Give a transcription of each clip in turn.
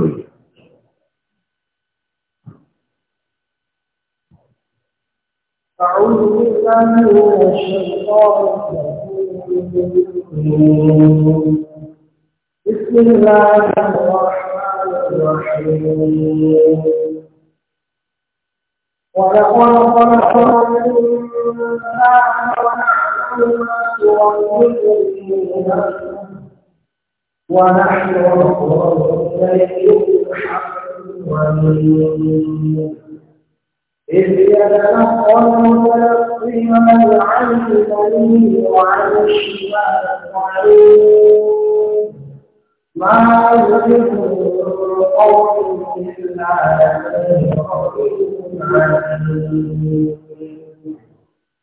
good. أعوذ بالله من الشيطان الرجيم بسم الله الرحمن الرحيم ولقد خلقنا الإنسان ونعلم ما توجه به ونحن إذ يتلقى المتلقيون عن اليمين وعن الشمال قعيد ما يزيد قوم إلا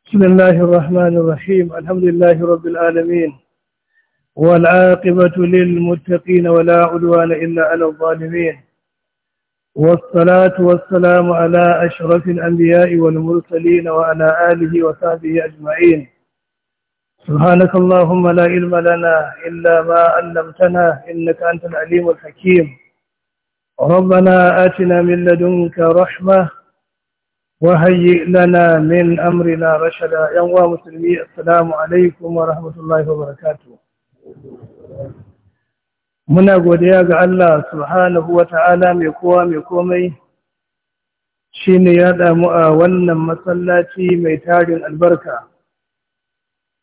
بسم الله الرحمن الرحيم الحمد لله رب العالمين والعاقبة للمتقين ولا عدوان إلا على الظالمين والصلاة والسلام على أشرف الأنبياء والمرسلين وعلى آله وصحبه أجمعين سبحانك اللهم لا علم لنا إلا ما علمتنا إنك أنت العليم الحكيم ربنا آتنا من لدنك رحمة وهيئ لنا من أمرنا رشدا يا مسلمي السلام عليكم ورحمة الله وبركاته muna godiya ga Allah subhanahu wa ta'ala mai kowa mai komai shi ne ya damu a wannan masallaci mai tarin albarka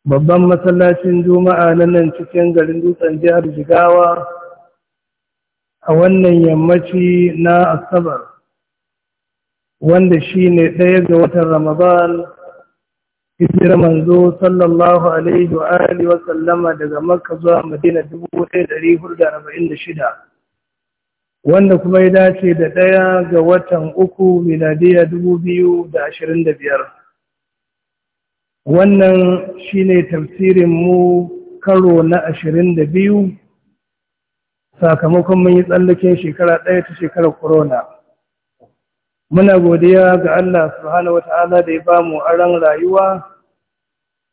babban masallacin juma'a na nan cikin garin dutsen jihar jigawa a wannan yammaci na asabar wanda shi ne ɗaya ga watan ramadan hijirar manzo sallallahu alaihi wa alihi wa sallama daga makka zuwa madina 1446 wanda kuma ya dace da ɗaya ga watan uku miladiya 2025 wannan shine tafsirin mu karo na 22 sakamakon mun yi tsallaken shekara ɗaya ta shekarar corona muna godiya ga Allah subhanahu wata'ala da ya ba mu aron rayuwa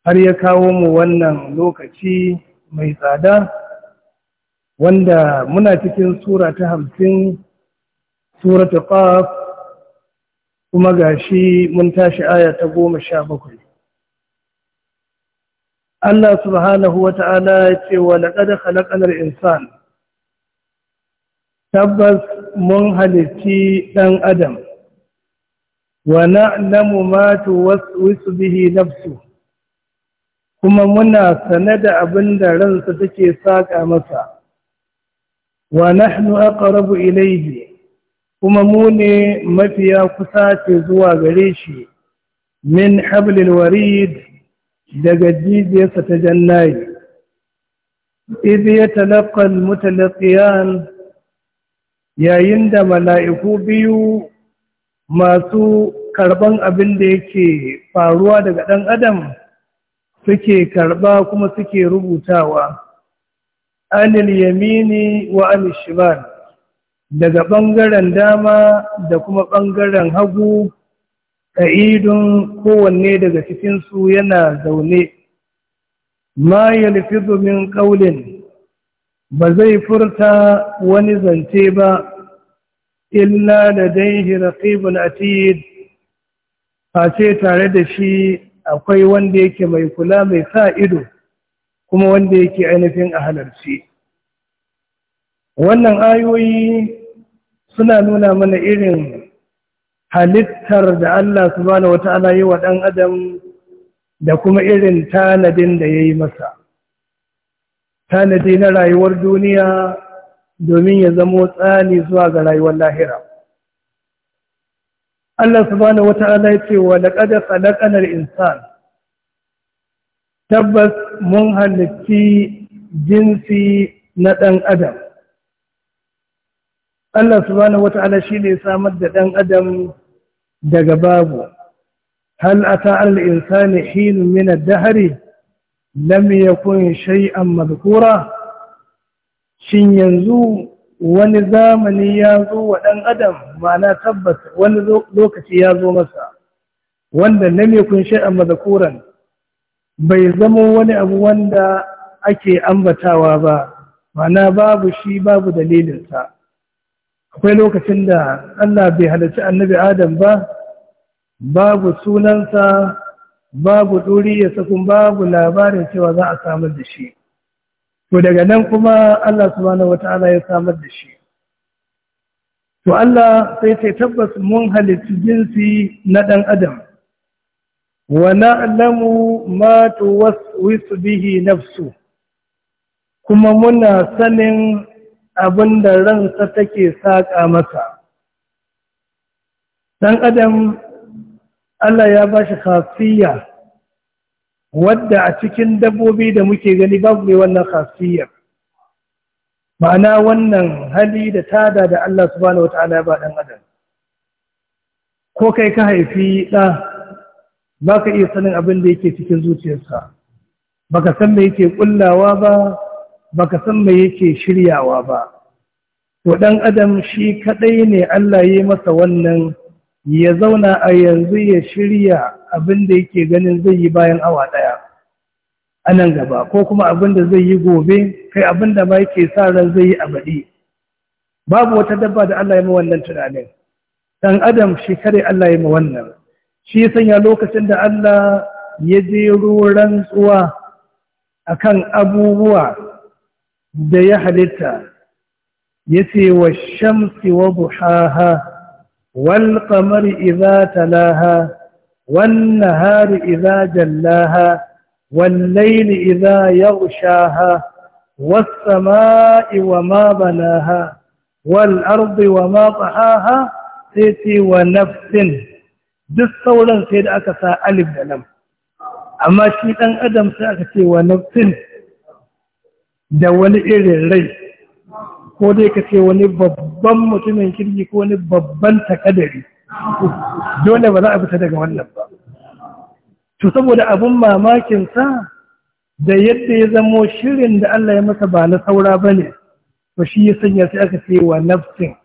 har ya kawo mu wannan lokaci mai tsada wanda muna cikin sura ta hamsin sura ta ƙaf kuma ga shi mun tashi aya ta goma sha bakwai Allah subhanahu wata'ala ya ce wa laƙada halaƙanar insan tabbas mun halitti ɗan adam ونعلم ما توسوس به نفسه kuma muna sane da abin da ransa take saƙa masa wa nahnu aqrabu ilayhi kuma mu ne mafiya kusa ce zuwa gare shi min hablil warid daga jijiyarsa ta jannayi idh yatalaqqa al mutalaqiyan yayin da mala'iku biyu masu karban abin da yake faruwa daga ɗan adam suke karba kuma suke rubutawa anil yamini wa anil daga ɓangaren dama da kuma ɓangaren hagu ƙa'idun kowanne daga cikinsu yana zaune ma yalfizu min ƙaulin ba zai furta wani zance ba illa ladaihi raqibun atid face tare da shi akwai wanda yake mai kula mai sa ido kuma wanda yake ainihin a halarci wannan ayoyi suna nuna mana irin halittar da Allah subhanahu wata'ala yi wa ɗan adam da kuma irin tanadin da ya yi masa tanadi na rayuwar duniya domin ya zamo tsani zuwa ga rayuwar lahira Allah subhanahu wata'ala ya ce wa laqad khalaqana al-insan tabbas mun halitti jinsi na dan adam Allah subhanahu wata'ala shi ne samar da dan adam daga babu hal ata al-insani hin min ad-dahr lam yakun shay'an madhkura shin yanzu wani zamani ya zo wa ɗan adam ma'ana tabbas wani lokaci ya zo masa wanda na mai kunshe a mazakuran bai zama wani abu wanda ake ambatawa ba ma'ana babu shi babu dalilinsa akwai lokacin da Allah bai halarci annabi adam ba babu sunansa babu ɗuriyarsa kuma babu labarin cewa za a samar da shi to daga nan kuma Allah subhanahu wata'ala ya samar da shi to Allah sai sai tabbas mun halittu jinsi na ɗan adam wa na'lamu ma tuwaswisu bihi nafsu kuma muna sanin abin da ransa take saƙa masa. Ɗan adam Allah ya bashi shi khasiyya wadda a cikin dabbobi da muke gani babu mai wannan khasiyar ma'ana wannan hali da tada da Allah subhanahu wata'ala ba dan adam ko kai ka haifi ɗa ba ka iya sanin abin da yake cikin zuciyarsa ba ka san me yake kullawa ba ba ka san mai yake shiryawa ba to ɗan adam shi kaɗai ne Allah ya yi masa wannan ya zauna a yanzu ya shirya abin da yake ganin zai yi bayan awa ɗaya a nan gaba ko kuma abin da zai yi gobe kai abin da ma yake sa ran zai yi abadi babu wata dabba da Allah ya ma wannan tunanin dan adam shi kare Allah ya ma wannan shi ya sanya lokacin da Allah ya je ruwan tsuwa akan abubuwa da ya halitta ya ce wa shamsi wa buhaha والقمر إذا تلاها والنهار إذا جلاها والليل إذا يغشاها والسماء وما بناها والأرض وما طحاها سيتي ونفس duk sauran sai da aka sa alif da lam amma shi ɗan adam sai aka ce wa nafsin da wani irin rai ko dai ka ce wani babban mutumin kirki ko wani babban takadari dole ba za a fita daga wannan ba to saboda abin mamakinsa da yadda ya zamo shirin da Allah ya masa ba na saura ba ne, ba shi ya sanya sai aka ce wa nafsin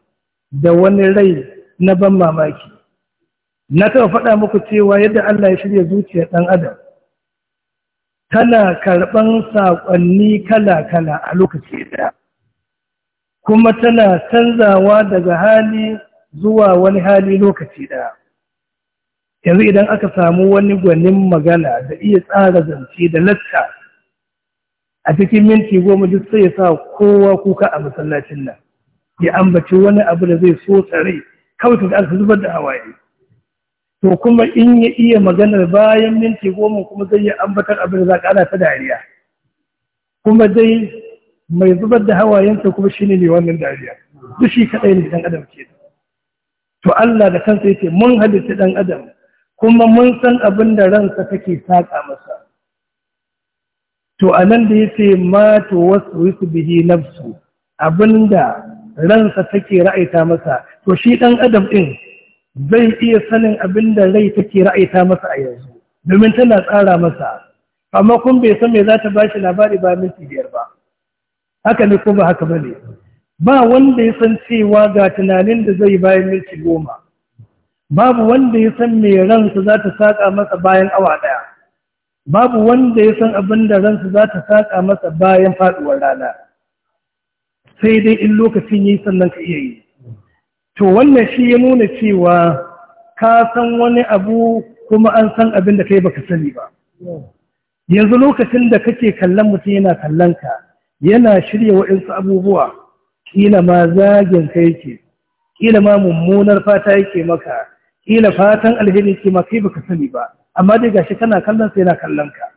da wani rai na ban mamaki na taɓa faɗa muku cewa yadda Allah ya shirya zuciyar ɗan adam tana karɓan saƙonni kala-kala a lokaci ɗaya kuma tana canzawa daga hali zuwa wani hali lokaci ɗaya yanzu idan aka samu wani gwanin magana da iya tsara zance da latta a cikin minti goma duk sai ya sa kowa kuka a masallacin nan ya ambaci wani abu da zai so tsare kawai ka aka zubar da hawaye to kuma in ya iya maganar bayan minti goma kuma zai yi ambatar abin da za ka ana ta dariya kuma dai mai zubar da hawayensa kuma shi ne wannan dariya duk shi kaɗai ne ɗan adam ke to Allah da kansa yake mun halitta ɗan adam kuma mun san abin da ransa take saka masa to a nan da yace ma to waswisu bihi nafsu abinda ransa take ra'aita masa to shi ɗan adam ɗin zai iya sanin abinda rai take ra'aita masa a yanzu domin tana tsara masa amma kun bai san me za ta bashi labari ba minti biyar ba haka ne ko ba haka ba ne ba wanda ya san cewa ga tunanin da zai bayan minti goma babu wanda ya san mai ransa za ta saƙa masa bayan awa ɗaya babu wanda ya san abin da ransa za ta saƙa masa bayan faɗuwar rana sai dai in lokacin yi sannan ka iya yi to wannan shi ya nuna cewa ka san wani abu kuma an san abin da kai ka sani ba yanzu lokacin da kake kallon mutum yana kallon ka yana shirya waɗansu abubuwa ƙila ma zagin ka yake ƙila ma mummunar fata yake maka ƙila fatan alheri ke maka kai baka sani ba amma dai gashi kana kallon sa yana kallon ka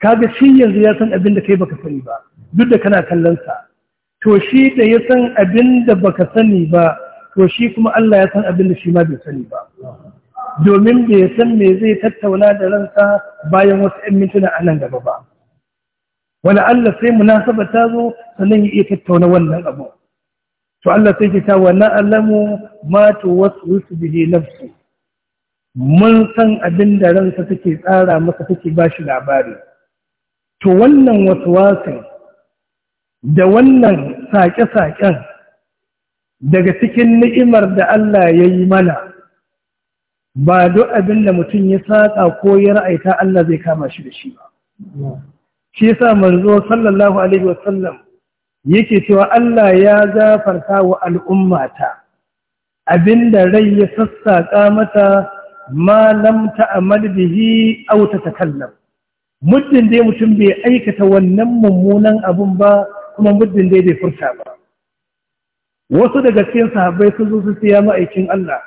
kaga shi yanzu ya san abin da kai baka sani ba duk da kana kallon sa to shi da ya san abin da baka sani ba to shi kuma Allah ya san abin da shi ma bai sani ba domin bai san me zai tattauna da ransa bayan wasu 'yan mintuna a nan gaba ba Wani Allah sai munasaba ta zo sannan ya iya tattauna wannan abu to Allah sai ke ta na alamu ma wasu bihi nafsu mun san abin da ransa take tsara masa take ba shi labari to wannan waswasin da wannan saƙe-saƙen, daga cikin ni'imar da Allah ya yi mana ba duk abin da mutum ya saƙa ko ya ra'aita Allah zai kama shi da shi ba. shi ya sa manzo sallallahu alaihi wasallam yake cewa Allah ya zafarta wa al'ummata abinda rai ya sassaƙa mata ma lam ta'mal bihi ta kallon. muddin dai mutum bai aikata wannan mummunan abun ba kuma muddin dai bai furta ba wasu daga cikin sahabai sun zo su siya ma'aikin Allah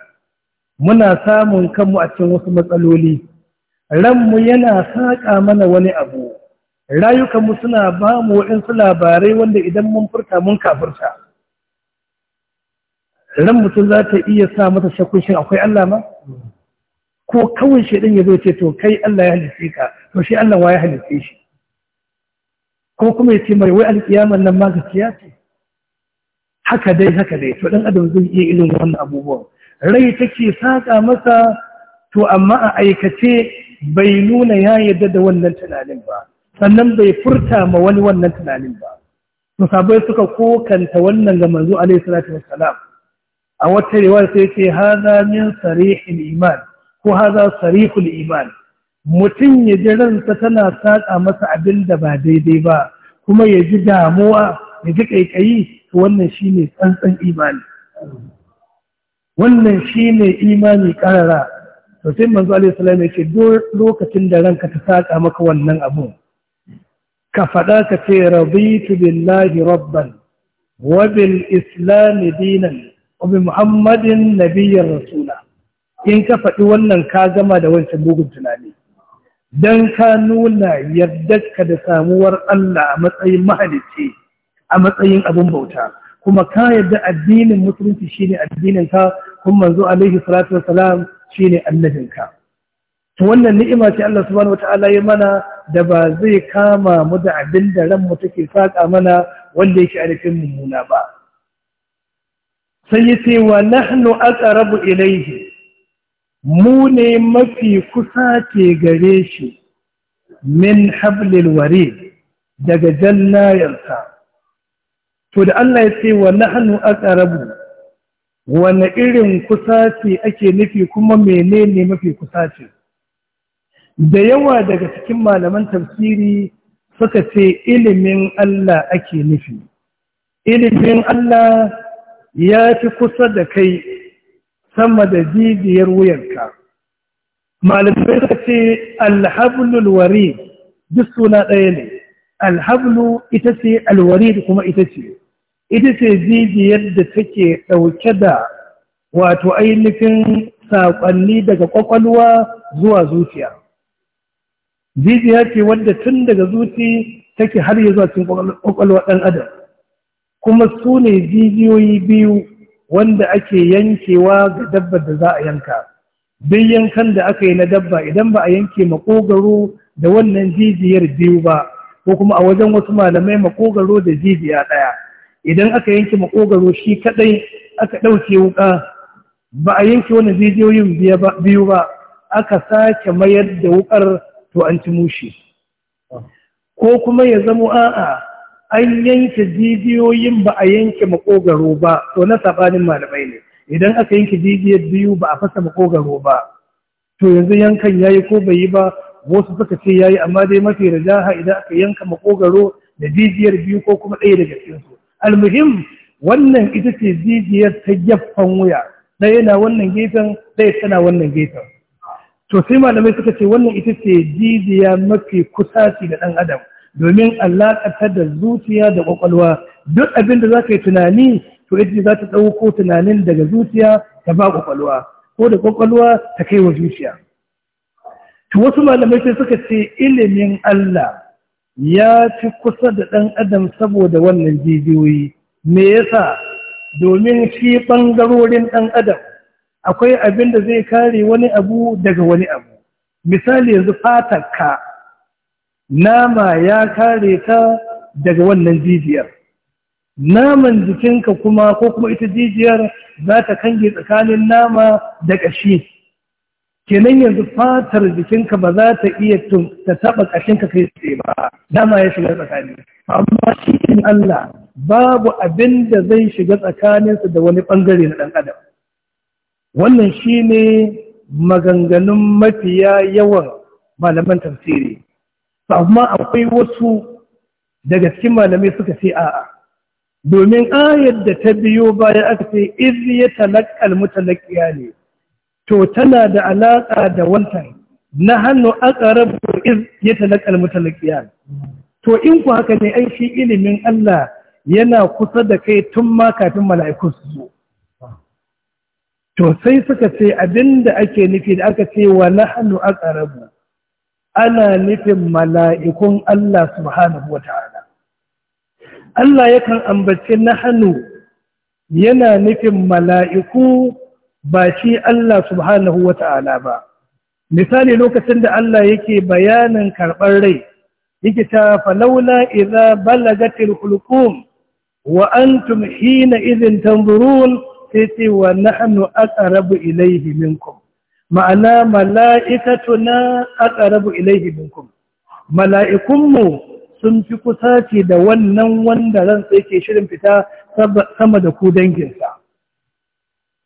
muna samun kanmu a cikin wasu matsaloli ranmu yana saƙa mana wani abu rayukanmu suna ba mu waɗansu labarai wanda idan mun furta mun kafurta ran mutum za ta iya sa mata shakunshin akwai Allah ma ko kawai ɗin ya zo ce to kai Allah ya halice ka to shi Allah wa ya halice shi ko kuma ya ce mai wai alƙiyaman nan ma gaskiya ce haka dai haka dai to dan adam zai iya irin wannan abubuwan rai take saka masa to amma a aikace bai nuna ya yarda da wannan tunanin ba sannan bai furta ma wani wannan tunanin ba Musabai suka kokanta wannan ga manzo alaihi salatu wassalam a wata riwaya sai ce haza min sarihil iman ko haza sarihul iman mutum ya ji ransa tana saka masa abin da ba daidai ba kuma ya ji damuwa ya ji ƙaiƙayi to wannan shi ne tsantsan imani wannan shine ne imani ƙarara to sai manzo Salatu ya ce lokacin da ranka ta saka maka wannan abun ka faɗa ka ce rabitu billahi rabban wa bil islami dinan wa bi muhammadin nabiyyar rasula in ka faɗi wannan ka gama da wancan bugun tunani dan ka nuna yardarka da samuwar Allah a matsayin mahalicci a matsayin abin bauta kuma ka yarda addinin musulunci shine addinin ka kuma manzo alaihi salatu wassalam shine annabinka wannan ni'ima ce Allah subhanahu wataala ya mana da ba zai kama mu da abin da ran mu take saka mana wanda yake arifin mummuna ba sai yace wa nahnu aqrabu ilayhi mu ne mafi kusa ke gare shi min hablil warid daga jannayarsa to da Allah ya ce wa nahnu aqrabu wani irin kusa ce ake nufi kuma menene mafi kusa ce da yawa daga cikin malaman tafsiri suka ce ilimin Allah ake nufi ilimin Allah ya fi kusa da kai sama da jijiyar wuyarka malamai suka ce alhablul wari duk suna ɗaya ne alhablu ita ce alwari kuma ita ce ita ce jijiyar da take ɗauke da wato ainihin saƙonni daga ƙwaƙwalwa zuwa zuciya jijiya ce wadda tun daga zuci take har ya zuwa cikin kwakwalwa ɗan adam kuma su ne jijiyoyi biyu wanda ake yankewa ga dabba da za a yanka duk yankan da aka yi na dabba idan ba a yanke makogaro da wannan jijiyar biyu ba ko kuma a wajen wasu malamai makogaro da jijiya ɗaya idan aka yanke makogaro shi kaɗai aka ɗauke wuƙa ba a yanke wannan jijiyoyin biyu ba aka sake mayar da wuƙar to an ci mushi ah. ko kuma ya zama a'a an yanke jijiyoyin ba a yanke makogaro ba to na sabanin malamai ne idan aka yanke jijiyar biyu ba a fasa makogaro ba to yanzu yankan yayi ko bai yi ba wasu suka ce yayi amma dai mafi rajaha idan aka yanka makogaro da jijiyar biyu ko kuma ɗaya daga cikin almuhim wannan ita ce jijiyar ta gefen wuya ɗaya na wannan gefen ɗaya tana wannan gefen to sai malamai suka ce wannan ita ce jijiya mafi kusaci da ɗan adam domin alaƙatar da zuciya da ƙwaƙwalwa duk abin da za ka yi tunani to ita za ta ɗauko tunanin daga zuciya ta ba ƙwaƙwalwa ko da ƙwaƙwalwa ta kai wa zuciya to wasu malamai sai suka ce ilimin Allah ya fi kusa da ɗan adam saboda wannan jijiyoyi me yasa domin shi ɓangarorin ɗan adam akwai abin da zai kare wani abu daga wani abu misali yanzu ka. nama ya kare ta daga wannan jijiyar naman jikinka kuma ko kuma ita jijiyar za ta kange tsakanin nama da ƙashi kenan yanzu fatar jikinka ba za ta iya ta taɓa ƙashinka kai tsaye ba dama ya shiga tsakani amma shi Allah babu abin da zai shiga tsakaninsa da wani ɓangare na ɗan adam wannan shi ne maganganun mafiya yawan malaman tafsiri amma akwai wasu daga cikin malamai suka ce a domin ayar da ta biyo bayan aka ce iz ya talaƙa ne to tana da alaƙa da wantan na hannu aqrabu iz ya talaqqal ne, to in ku haka ne ai shi ilimin Allah yana kusa da kai tun ma kafin mala'ikun su zo to sai suka ce abinda ake nufi da aka ce wa nahnu aqrabu ana nufin mala'ikun Allah subhanahu wata'ala Allah yakan ambaci nahnu yana nufin mala'iku ba shi Allah subhanahu wata'ala ba misali lokacin da Allah yake bayanin karɓar rai yake ta falaula idza balagatil hulqum wa antum hina idhin tanzurun sai ce wa nahnu aqrabu ilayhi minkum ma'ana mala'ikatuna aqrabu ilayhi minkum mala'ikunmu sun fi kusa da wannan wanda ran sai ke shirin fita sama da ku danginsa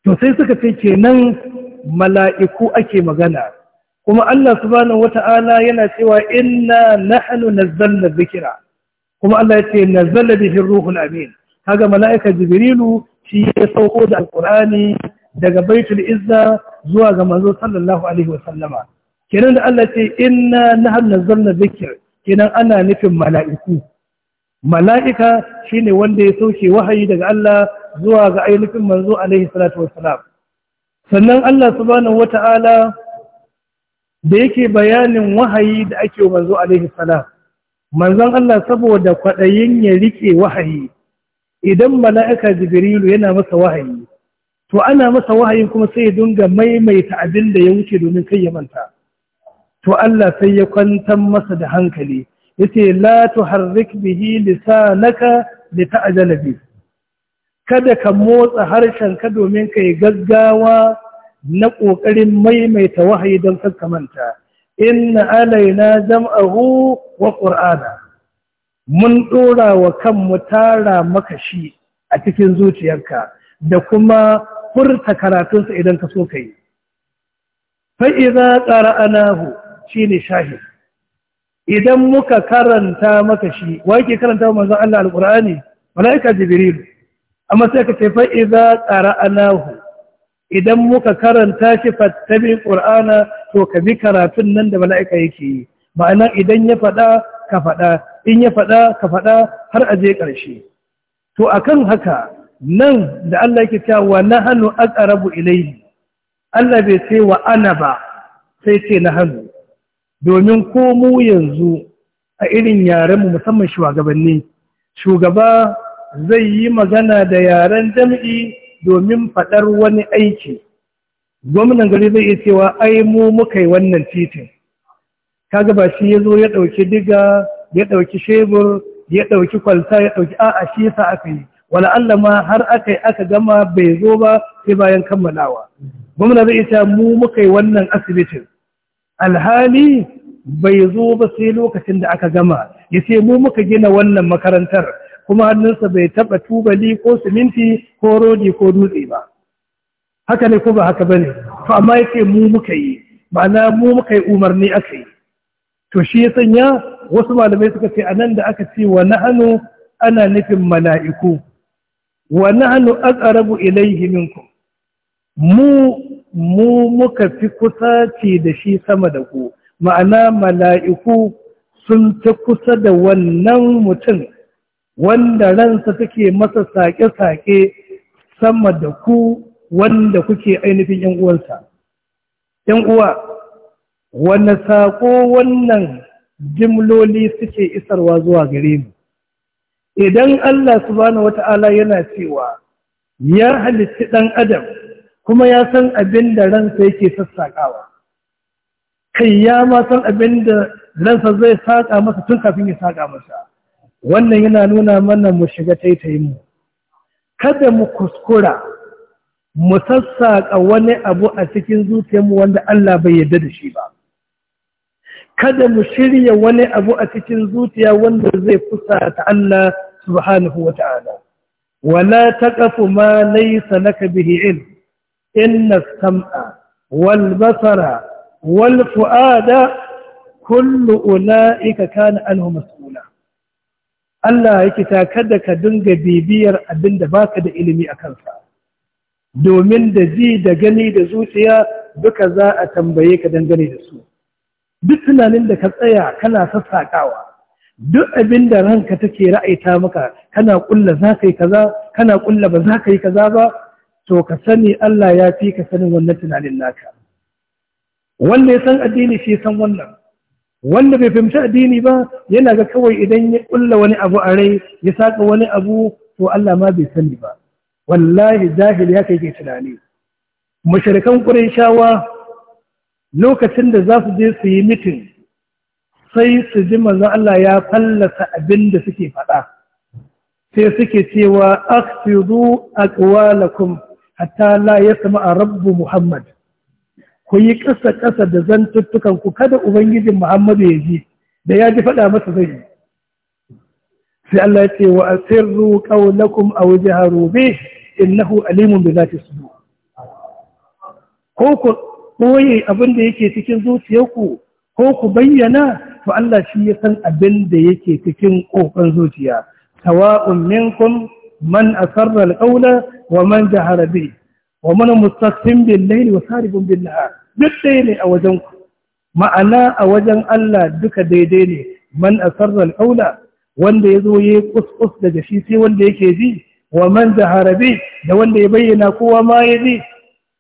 to sai suka ce kenan mala'iku ake magana kuma Allah subhanahu wata'ala yana cewa inna nahnu nazzalna dhikra kuma Allah ya ce nazzala bihi ruhul amin kaga mala'ika jibrilu shi ya sauko da alkur'ani daga baitul izza zuwa ga manzo sallallahu alaihi wa sallama kenan da Allah ce inna nahnu nazzalna dhikr kenan ana nufin mala'iku mala'ika shine wanda ya sauke wahayi daga Allah zuwa ga ainihin manzo alaihi salatu salam sannan Allah subhanahu wata'ala da yake bayanin wahayi da ake manzo alaihi salam manzon Allah saboda kwaɗayin ya rike wahayi idan mala'ika jibrilu yana masa wahayi to ana masa wahayi kuma sai ya dinga maimaita abin da ya wuce domin kai ya manta to Allah sai ya kwantar masa da hankali yace la tuharrik bihi lisanaka lita'jala bi kada ka motsa harshen ka domin kai gaggawa na ƙoƙarin maimaita wahayi don manta. inna alaina jam'ahu wa qur'ana mun ɗora wa kanmu tara maka shi a cikin zuciyarka da kuma furta karatunsa idan ka so ka yi. Fa'iza tsara anahu shi ne shahid. Idan muka karanta maka shi, yake karanta manzan Allah al'ur'ani, mala'ika Jibrilu, amma sai ka ce fa'iza tsara anahu. Idan muka karanta shi fattabi ƙur'ana to ka bi karatun nan da mala'ika yake yi, ma'ana idan ya faɗa ka faɗa in ya faɗa ka faɗa har a je ƙarshe to akan haka nan da Allah yake cewa wa nahnu aqrabu ilayhi Allah bai ce wa ana ba sai ce hannu. domin ko mu yanzu a irin yaren mu musamman shugabanni shugaba zai yi magana da yaren jam'i domin faɗar wani aiki gwamnan gari zai iya cewa ai mu muka yi wannan titin kaga ba shi ya zo ya ɗauki diga ya ɗauki shebur ya ɗauki kwalta ya ɗauki a'a shi yasa aka yi wala Allah ma har aka yi aka gama bai zo ba sai bayan kammalawa gwamna zai ita mu muka yi wannan asibitin alhali bai zo ba sai lokacin da aka gama ya ce mu muka gina wannan makarantar kuma hannunsa bai taɓa tubali ko siminti ko rodi ko dutse ba haka ne ko ba haka ba ne to amma ya ce mu muka yi ma'ana mu muka yi umarni aka yi to shi ya sanya wasu malamai suka ce anan da aka ce wa nahanu ana nufin mala'iku wa nahanu aqrabu ilayhi minkum mu mu muka fi kusa ce da shi sama da ku ma'ana mala'iku sun ta kusa da wannan mutum wanda ransa take masa sake-sake sama da ku wanda kuke ainihin ‘yan uwansa. ‘Yan uwa, wani saƙo wannan jimloli suke isarwa zuwa gare mu idan Allah subhanahu wata'ala yana cewa ya halitti ɗan adam kuma ya san abin da ransa yake sassaƙawa kai ya ma san abin da ransa zai saƙa masa tun kafin ya saƙa masa wannan yana nuna mana mu shiga taitayin mu kada mu kuskura mu sassaƙa wani abu a cikin zuciyarmu wanda Allah bai yarda da shi ba kada mu shirya wani abu a cikin zuciya wanda zai fusata Allah subhanahu ta'ala wala taqafu ma laysa laka bihi in inna sama wal basara wal fu'ada kullu ulaika kana anhu mas'ula Allah ya ta kada ka dinga bibiyar abinda baka da ilimi a kansa domin da ji da gani da zuciya duka za a tambaye ka dangane da su duk tunanin da ka tsaya kana sassaƙawa duk abin da ranka take ra'aita maka kana ƙulla za ka yi kaza kana ba za ka yi kaza ba to ka sani Allah ya fi ka sanin wannan tunanin naka wanda ya san addini shi san wannan wanda bai fahimci addini ba yana ga kawai idan ya ƙulla wani abu a rai ya saka wani abu to Allah ma bai sani ba wallahi jahil ya ke tunani mushrikan qurayshawa lokacin da za su je su yi mitin sai su ji manzon Allah ya fallasa abin da suke faɗa sai suke cewa aksiru aqwalakum hatta la a rabbu muhammad ku yi ƙasa ƙasa da zantuttukan ku kada ubangijin muhammadu ya ji da ya ji faɗa masa zai yi sai Allah ya ce wa asirru qawlakum aw jaharu bih innahu alimun bi zati sudur ko ku koye abin da yake cikin zuciyarku ko ku bayyana to Allah shi ya san abin da yake cikin kokon zuciya tawa'un minkum man asarra alqawla wa man jahara bi wa man mustaqim bil layli wa saribun bin nahar duk ne a wajen ku ma'ana a wajen Allah duka daidai ne man asarra alqawla wanda yazo yayi kuskus daga shi sai wanda yake ji wa man jahara bi da wanda ya bayyana kowa ma ya ji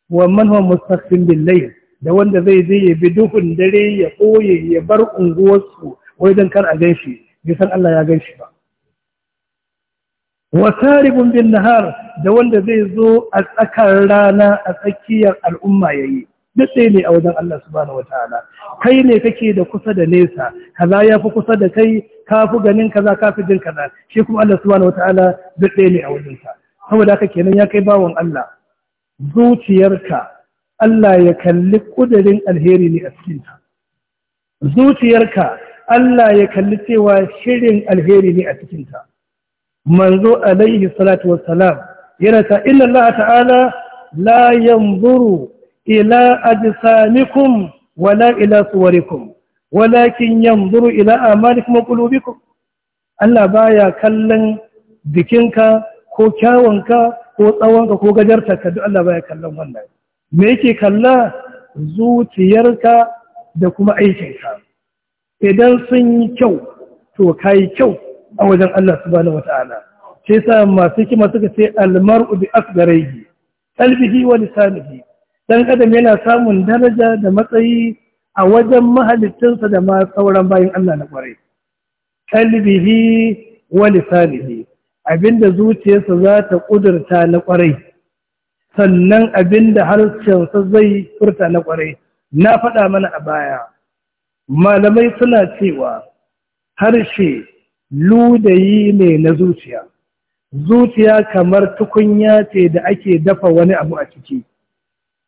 wa man huwa mustaqbil bil layl da wanda zai je ya bi duhun dare ya koye ya bar unguwarsu wai dan kar a ganshi ya san Allah ya ganshi ba wa saribun bin nahar da wanda zai zo a tsakar rana a tsakiyar al'umma yayi sai ne a wajen Allah subhanahu wataala kai ne kake da kusa da nesa kaza ya fi kusa da kai ka fi ganin kaza ka fi jin kaza shi kuma Allah subhanahu wataala sai ne a wajen sa saboda haka kenan ya kai bawon Allah zuciyarka Allah ya kalli kudirin alheri ne a cikinta zuciyarka Allah ya kalli cewa shirin alheri ne a cikinta manzo alaihi salatu wassalam yana ta inna Allah ta'ala la yanzuru ila ajsamikum wala ila suwarikum walakin yanzuru ila amalikum wa qulubikum Allah baya kallon jikinka ko kyawunka ko tsawonka ko ka duk Allah baya kallon wannan me yake kalla zuciyarka da kuma aikinka idan sun yi kyau to kai kyau a wajen Allah subhanahu wataala sai sa masu kima suka ce almar'u bi asgarihi qalbihi wa lisanihi dan adam yana samun daraja da matsayi a wajen mahalittinsa da ma sauran bayan Allah na kwarai qalbihi wa lisanihi abinda zuciyarsa za ta ƙudurta na ƙwarai sannan abinda harshensa zai furta na ƙwarai na faɗa mana a baya malamai suna cewa harshe ludayi ne na zuciya zuciya kamar tukunya ce da ake dafa wani abu a ciki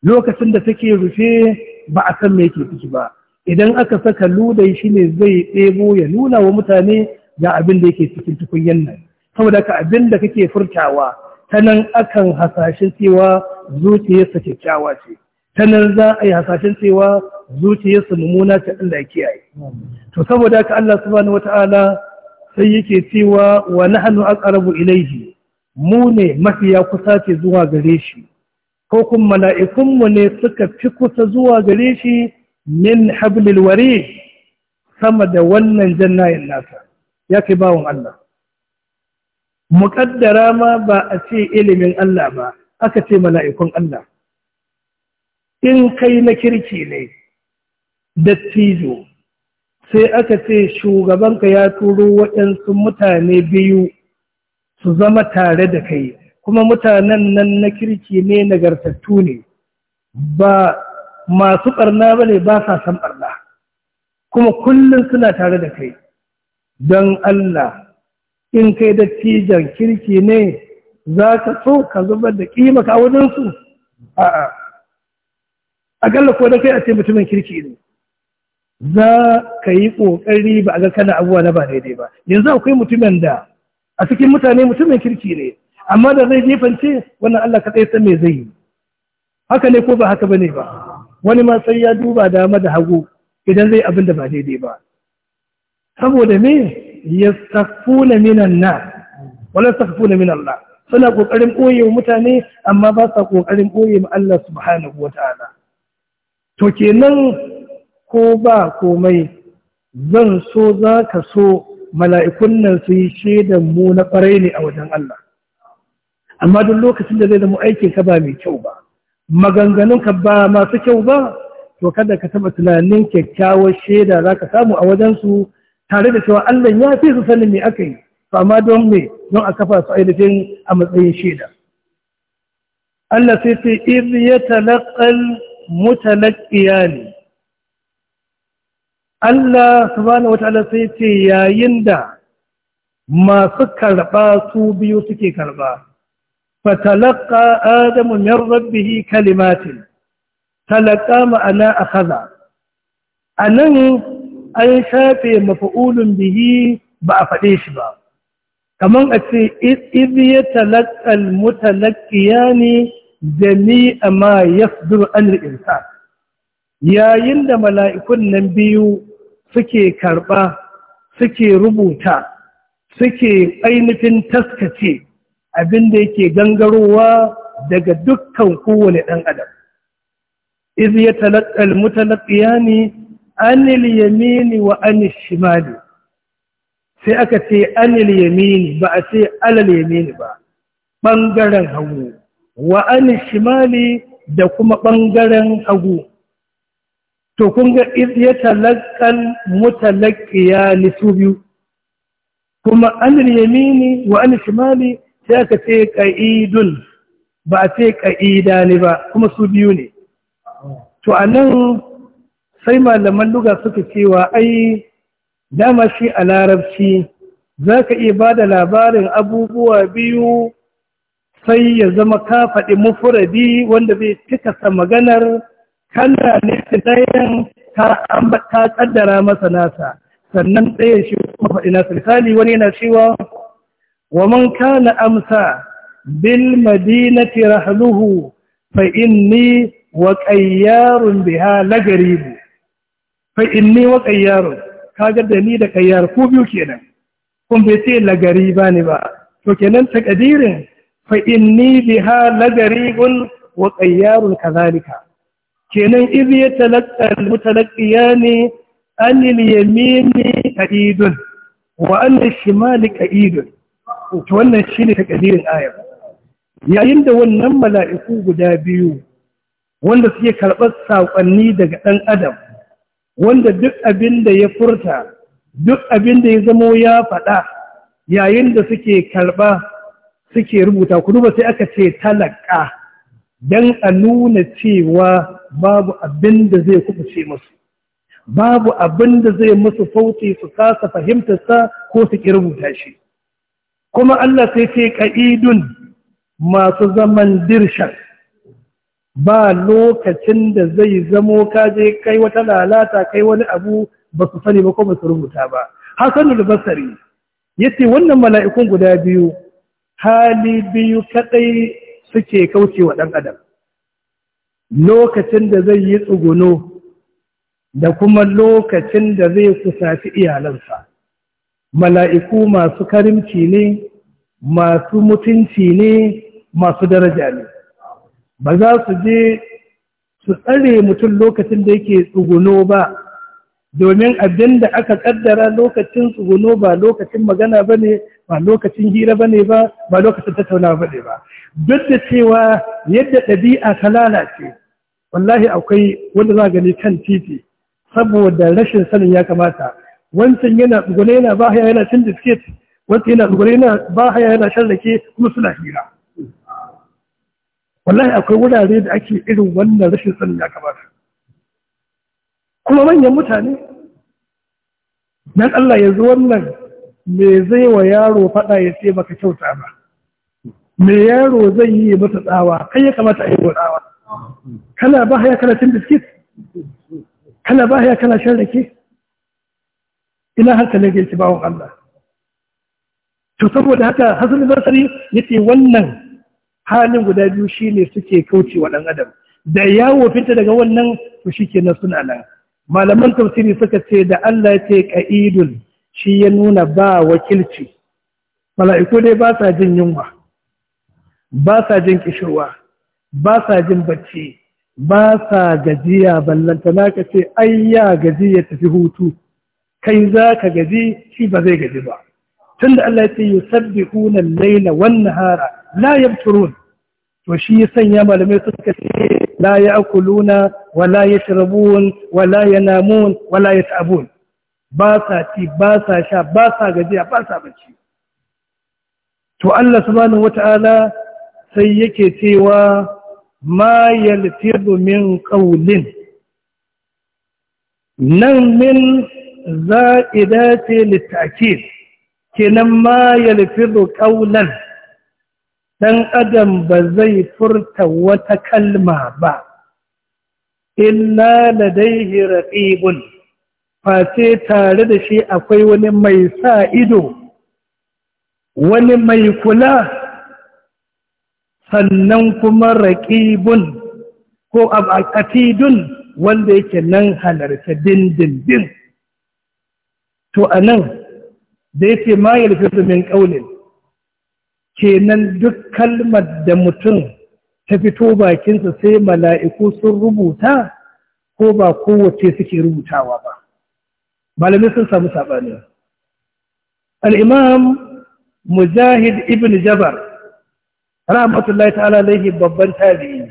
lokacin da take rufe ba a san mai ke ciki ba idan aka saka ludayi shine zai ɗebo ya nuna wa mutane ga abin da yake cikin tukunyan nan saboda ka abin da kake furtawa ta nan akan hasashen cewa zuciyarsa kyakkyawa ce ta nan za a yi hasashen cewa zuciyarsa mummuna ta Allah ya kiyaye to saboda ka Allah subhanahu wata'ala sai yake cewa wa nahnu aqrabu ilayhi mu ne mafiya kusa ce zuwa gare shi ko kuma mu ne suka fi kusa zuwa gare shi min hablil wari sama da wannan jannayin nasa ya kai bawon Allah muƙaddara ma ba a ce ilimin Allah ba aka ce mala'ikun Allah in kai na kirki ne dattijo sai aka ce shugabanka ya turo waɗansu mutane biyu su zama tare da kai kuma mutanen nan na kirki ne nagartattu ne ba masu ɓarna ba ne ba sa san ɓarna kuma kullum suna tare da kai don Allah in kai da kirki ne za ka so ka zubar da ƙima ka wajensu a'a ƙalla ko da kai a ce mutumin kirki ne za ka yi ƙoƙari ba a ga kana abuwa na ba daidai ba yanzu akwai mutumin da a cikin mutane mutumin kirki ne amma da zai jefance wannan Allah ka tsaye me zai yi haka ne ko ba haka bane ba wani ma sai ya duba dama da hagu idan zai abin da ba daidai ba saboda me yastaghfuna minan nas wala yastaghfuna min Allah suna kokarin koye wa mutane amma ba sa kokarin koye ma Allah subhanahu wataala to kenan ko ba komai zan so za ka so mala'ikun nan su yi shaidan mu na ƙwarai ne a wajen Allah amma duk lokacin da zai zama aikin ka ba mai kyau ba maganganun ka ba masu kyau ba to kada ka taba tunanin kyakkyawar shaida za ka samu a wajen su tare da cewa Allah ya fi su sanin me aka yi to amma don me don a kafa su ainihin a matsayin shaida Allah sai ce iz yatalaqal mutalaqiyani Allah subhanahu wataala sai ce yayin da masu karɓa su biyu suke karɓa fatalaqa adamu min rabbihi kalimatin talaqa ma'ana akhadha anan an shafe mafa'ulun bihi ba a faɗe shi ba kamar a ce izi ya talakkal mutalakkiya ne jami'a ma ya zuru anil insa yayin da mala'ikun nan biyu suke karɓa suke rubuta suke ainihin taskace abin da yake gangarowa daga dukkan kowane ɗan adam izi ya talakkal ne. anil yamini wa anil shimali sai aka ce anil yamini ba a ce alal yamini ba ɓangaren hagu wa anil shimali da kuma ɓangaren hagu to kun ga ya talakkan mutalakkiya ni su biyu kuma anil yamini wa anil shimali sai aka ce ƙa'idun ba a ce ƙa'ida ne ba kuma su biyu ne to a anan sai malaman luga suka cewa ai dama shi a larabci za ka iya ba da labarin abubuwa biyu sai ya zama ka faɗi mufuradi wanda zai cikasa maganar kana ne ɗayan ka ƙaddara masa nasa sannan ɗaya shi kuma faɗi nasa misali wani yana cewa wa man kana amsa bil madinati rahluhu fa inni wa qayyarun biha lagaribu fa inni wa qayyarun kaga da ni da qayyar ku biyu kenan kun bai ce lagari ba ne ba to kenan takadirin fa inni biha lagariun wa qayyarun kazalika kenan iz yatalaqqa al-mutalaqiyani an al-yamini qaidun wa an al-shimali qaidun to wannan shine takadirin ayar yayin da wannan mala'iku guda biyu wanda suke karɓar saƙonni daga ɗan adam wanda duk abin da ya furta duk abin da ya zamo ya faɗa yayin da suke karɓa suke rubuta ku ba sai aka ce talaka don a nuna cewa babu abin da zai kubuce masu, babu abin da zai musu sauti su kasa fahimtarsa ko su ƙi rubuta shi kuma Allah sai ce ƙa'idun masu zaman dirshan ba lokacin da zai zamo kaje kai wata lalata kai wani abu ba su sani ba ko ba su rubuta ba al basari yace wannan mala'ikun guda biyu hali biyu kaɗai suke kauce wa ɗan adam lokacin da zai yi tsuguno da kuma lokacin da zai kusafi iyalansa mala'iku masu karimci ne masu mutunci ne masu daraja ne ba za su je su tsare mutum lokacin da yake tsuguno ba domin abinda aka kaddara lokacin tsuguno ba lokacin magana ba ne ba lokacin hira ba ne ba ba lokacin tattauna ba ne ba duk da cewa yadda ɗabi'a ta lalace wallahi akwai wanda za gani kan titi saboda rashin sanin ya kamata wancan yana tsugune yana ba haya yana cin biskit wancan yana tsugune yana ba haya yana shan rake kuma suna hira wallahi akwai wurare da ake irin wannan rashin sanin ya kamata kuma manyan mutane dan Allah zo wannan me zai wa yaro fada ya ce baka kyauta ba me yaro zai yi masa tsawa kai ya kamata a yi wa tsawa kana ba haya kana cin biskit kana ba haya kana shan rake ina ne da yake bawon Allah to saboda haka hasan basri yace wannan halin guda biyu shi ne suke kauce wa ɗan adam da yawo fita daga wannan shi shikenan suna nan malaman tafsiri suka ce da Allah ya ce ka'idun shi ya nuna ba wakilci mala'iku dai ba sa jin yunwa ba sa jin kishirwa ba sa jin bacci ba sa gajiya ballanta na ka ce ai ya gaji ya tafi hutu kai za ka gaji shi ba zai gaji ba tun da Allah ya ce yi sabbi hunan laila wannan hara la yabturun to shi ya sanya malamai suka ce la ya'kuluna wa la yashrabun wa la yanamun wa la yata'abun ba sa ci ba sa sha ba sa gajiya ba sa bacci to Allah subhanahu wata'ala sai yake cewa ma yalfidu min qawlin nan min za'idati litakid kenan ma yalfidu qawlan Dan adam ba zai furta wata kalma ba illa ladaihi raqibun face tare da shi akwai wani mai sa ido wani mai kula sannan kuma raqibun ko atidun wanda yake nan halarta dindindin to anan da yake ma yalfizu min kenan duk kalmar da mutum ta fito bakinsa sai mala'iku sun rubuta ko ba kowace suke rubutawa ba malamai sun samu saɓani al'imam mujahid ibn jabar rahmatullahi ta'ala laihi babban tabi'i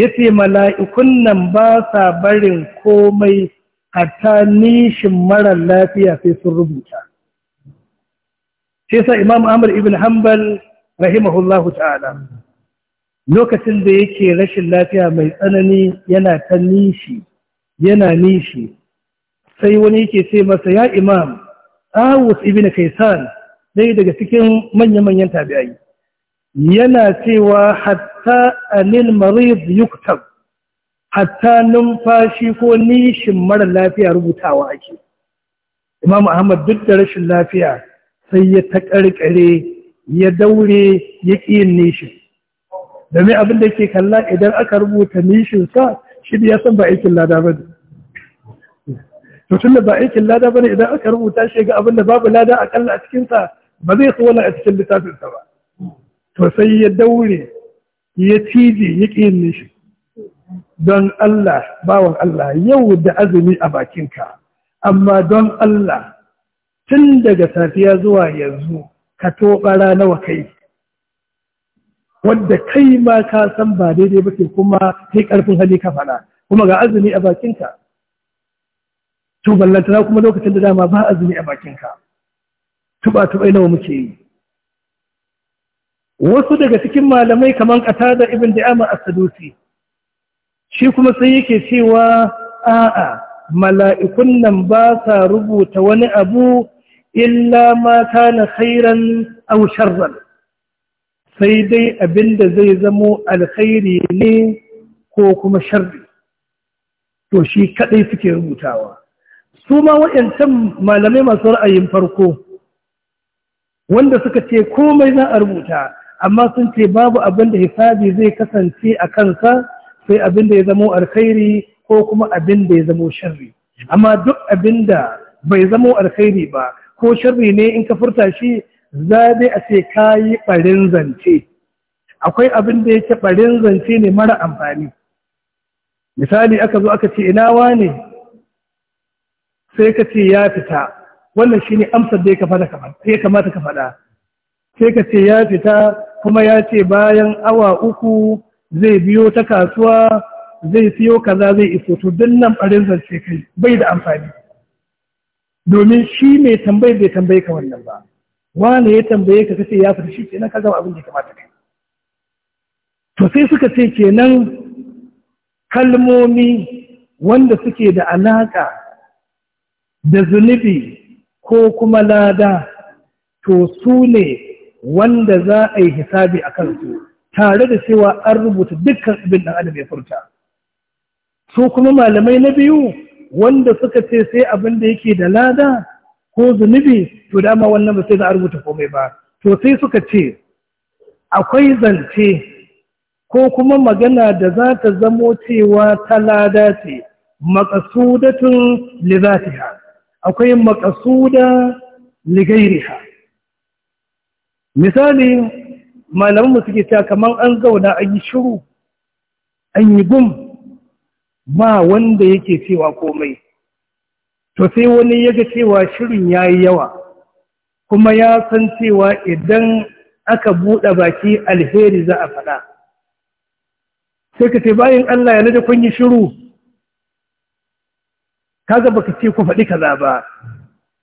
ya ce mala'ikun nan ba sa barin komai ta nishin mara lafiya sai sun rubuta shi yasa imam amr ibn hanbal rahimahullahu ta'ala lokacin da yake rashin lafiya mai tsanani yana ta nishi yana nishi sai wani yake ce masa ya imam awus ibn kaisan dai daga cikin manya-manyan tabi'ai yana cewa hatta anil marid yuktab hatta numfashi ko nishin mara lafiya rubutawa ake imam ahmad duk da rashin lafiya sai ya taƙarƙare ya daure ya ƙiyin nishin domin abin da ke kalla idan aka rubuta nishinsa shi ya san ba aikin lada ba ne tutun da ba aikin lada ba ne idan aka rubuta shi ga abin da babu lada akalla a cikinsa ba zai so wani a cikin littafinsa ba to sai ya daure ya cije ya ƙiyin nishin don Allah bawan Allah yau da azumi a bakinka amma don Allah tun daga safiya zuwa yanzu ka tobara nawa kai Wadda kai ma ka san ba daidai ba ke kuma kai ƙarfin hali ka fana kuma ga azumi a bakinka to ballantana kuma lokacin da dama ba azumi a bakinka tuba tuba nawa muke yi wasu daga cikin malamai kamar da ibn da'ama a sadusi shi kuma sai yake cewa a'a mala'ikun nan ba sa rubuta wani abu illa ما كان خيرا أو شرا sai dai abinda zai zamo alkhairi ne ko kuma كأي to shi kadai suke rubutawa su ma wayancan malamai masu ra'ayin farko wanda suka ce komai za a rubuta amma sun ce babu abin da hisabi zai kasance a kansa sai abin da ya zamo alkhairi ko kuma abin da ya zamo sharri amma duk abinda bai zamo alkhairi ba ko sharri ne in ka furta shi zabe a ce ka yi ɓarin zance akwai abin da yake ɓarin zance ne mara amfani misali aka zo aka ce ina wane sai ka ce ya fita wannan shine amsar da ya kamata ka faɗa sai ka ce ya fita kuma ya ce bayan awa uku zai biyo ta kasuwa zai siyo kaza zai iso to dinnan ɓarin zance kai bai da amfani domin shi mai tambayar bai tambayi ka wannan ba wane ya tambaye ka kace ya fita shi kenan ka gama abin da ya kamata kai to sai suka ce kenan kalmomi wanda suke da alaka da zunubi ko kuma lada to su ne wanda za a yi hisabi a kansu tare da cewa an rubuta dukkan abin ɗan adam ya furta su kuma malamai na biyu wanda suka ce sai abin da yake da lada ko zunubi to dama wannan ba sai za a rubuta komai ba to sai suka ce akwai zance ko kuma magana da za ta zamo cewa ta lada ce maƙasudatun lizatiha akwai maƙasuda ligairiha misali malamanmu suke cewa kamar an zauna an yi shiru an yi gum ba wanda yake cewa komai to sai wani ya cewa shirin ya yi yawa kuma ya san cewa idan aka buɗe baki alheri za a faɗa sai ka ce bayan Allah ya naje kun yi shiru kaga baka ce ku faɗi kaza ba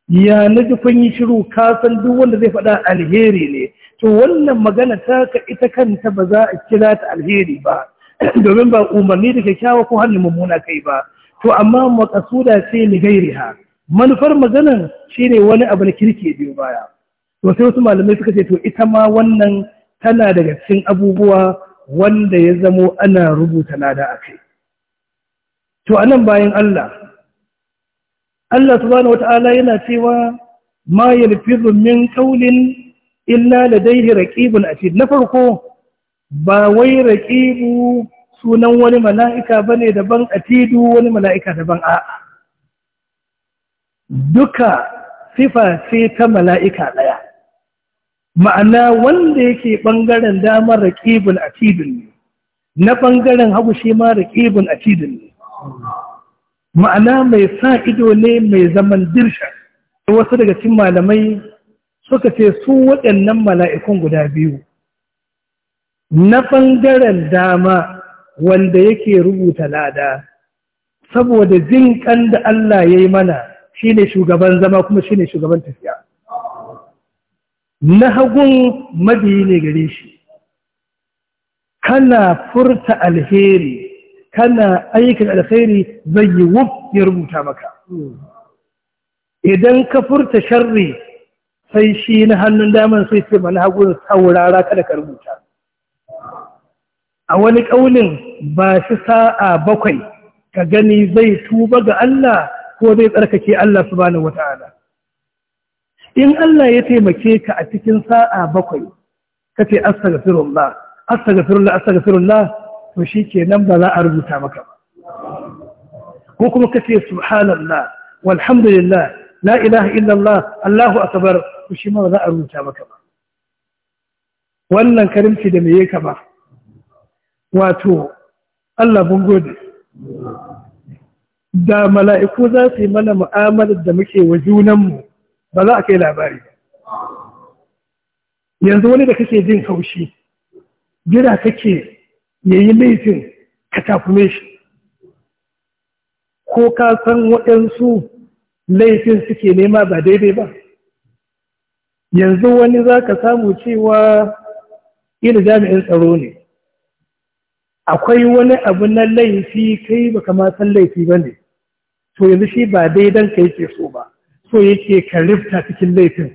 ya naji kun yi shiru ka san duk wanda zai faɗa alheri ne to wannan magana ta ka ita kanta ba za a kira ta alheri ba domin ba umarni da kyakkyawa ko hannun mummuna kai ba to amma makasuda sai ni gairiha manufar maganan shine wani abu na kirki biyo baya to sai wasu malamai suka ce to ita ma wannan tana daga cikin abubuwa wanda ya zamo ana rubuta lada a kai to anan bayan Allah Allah subhanahu wata'ala yana cewa ma yalfizu min qawlin illa ladayhi raqibun atid na farko ba wai raƙibu sunan wani mala'ika ba ne daban atidu wani mala'ika daban a'a duka sifa ce ta mala'ika ɗaya ma'ana wanda yake ɓangaren damar raƙibun a tidun ne na ɓangaren hagu shi ma raƙibun a tidun ne ma'ana mai sa ido ne mai zaman dirsha wasu daga cin malamai suka ce su waɗannan mala'ikun guda biyu na ɓangaren dama wanda yake rubuta lada saboda jin da Allah ya yi mana shi ne shugaban zama kuma shi ne shugaban tafiya na hagun mabiyi ne gare shi kana furta alheri kana aikin alheri zai yi wuf ya rubuta maka idan ka furta sharri sai shi na hannun daman sai ce mana hagun saurara kada ka rubuta a wani ƙaunin ba shi sa'a bakwai ka gani zai tuba ga Allah ko zai tsarkake Allah subhanahu wata'ala in Allah ya taimake ka a cikin sa'a bakwai ka ce astaghfirullah astaghfirullah astaghfirullah to nan ba za a rubuta maka ko kuma ka ce subhanallah walhamdulillah la illallah Allahu Asabar, to shi ma ba za a rubuta maka ba wannan karimci da me ya ba wato Allah mun gode da mala'iku za su yi mana mu'amalar da muke wa junanmu ba za a kai labari yanzu wani da kake jin haushi jira kake yi laifin ka tafume shi ko ka san waɗansu laifin suke nema ba daidai ba yanzu wani za ka samu cewa ila jami'in tsaro ne akwai wani abu na laifi kai ba ma san laifi ne. to yanzu shi ba daidan ka yake so ba so yake karifta cikin laifin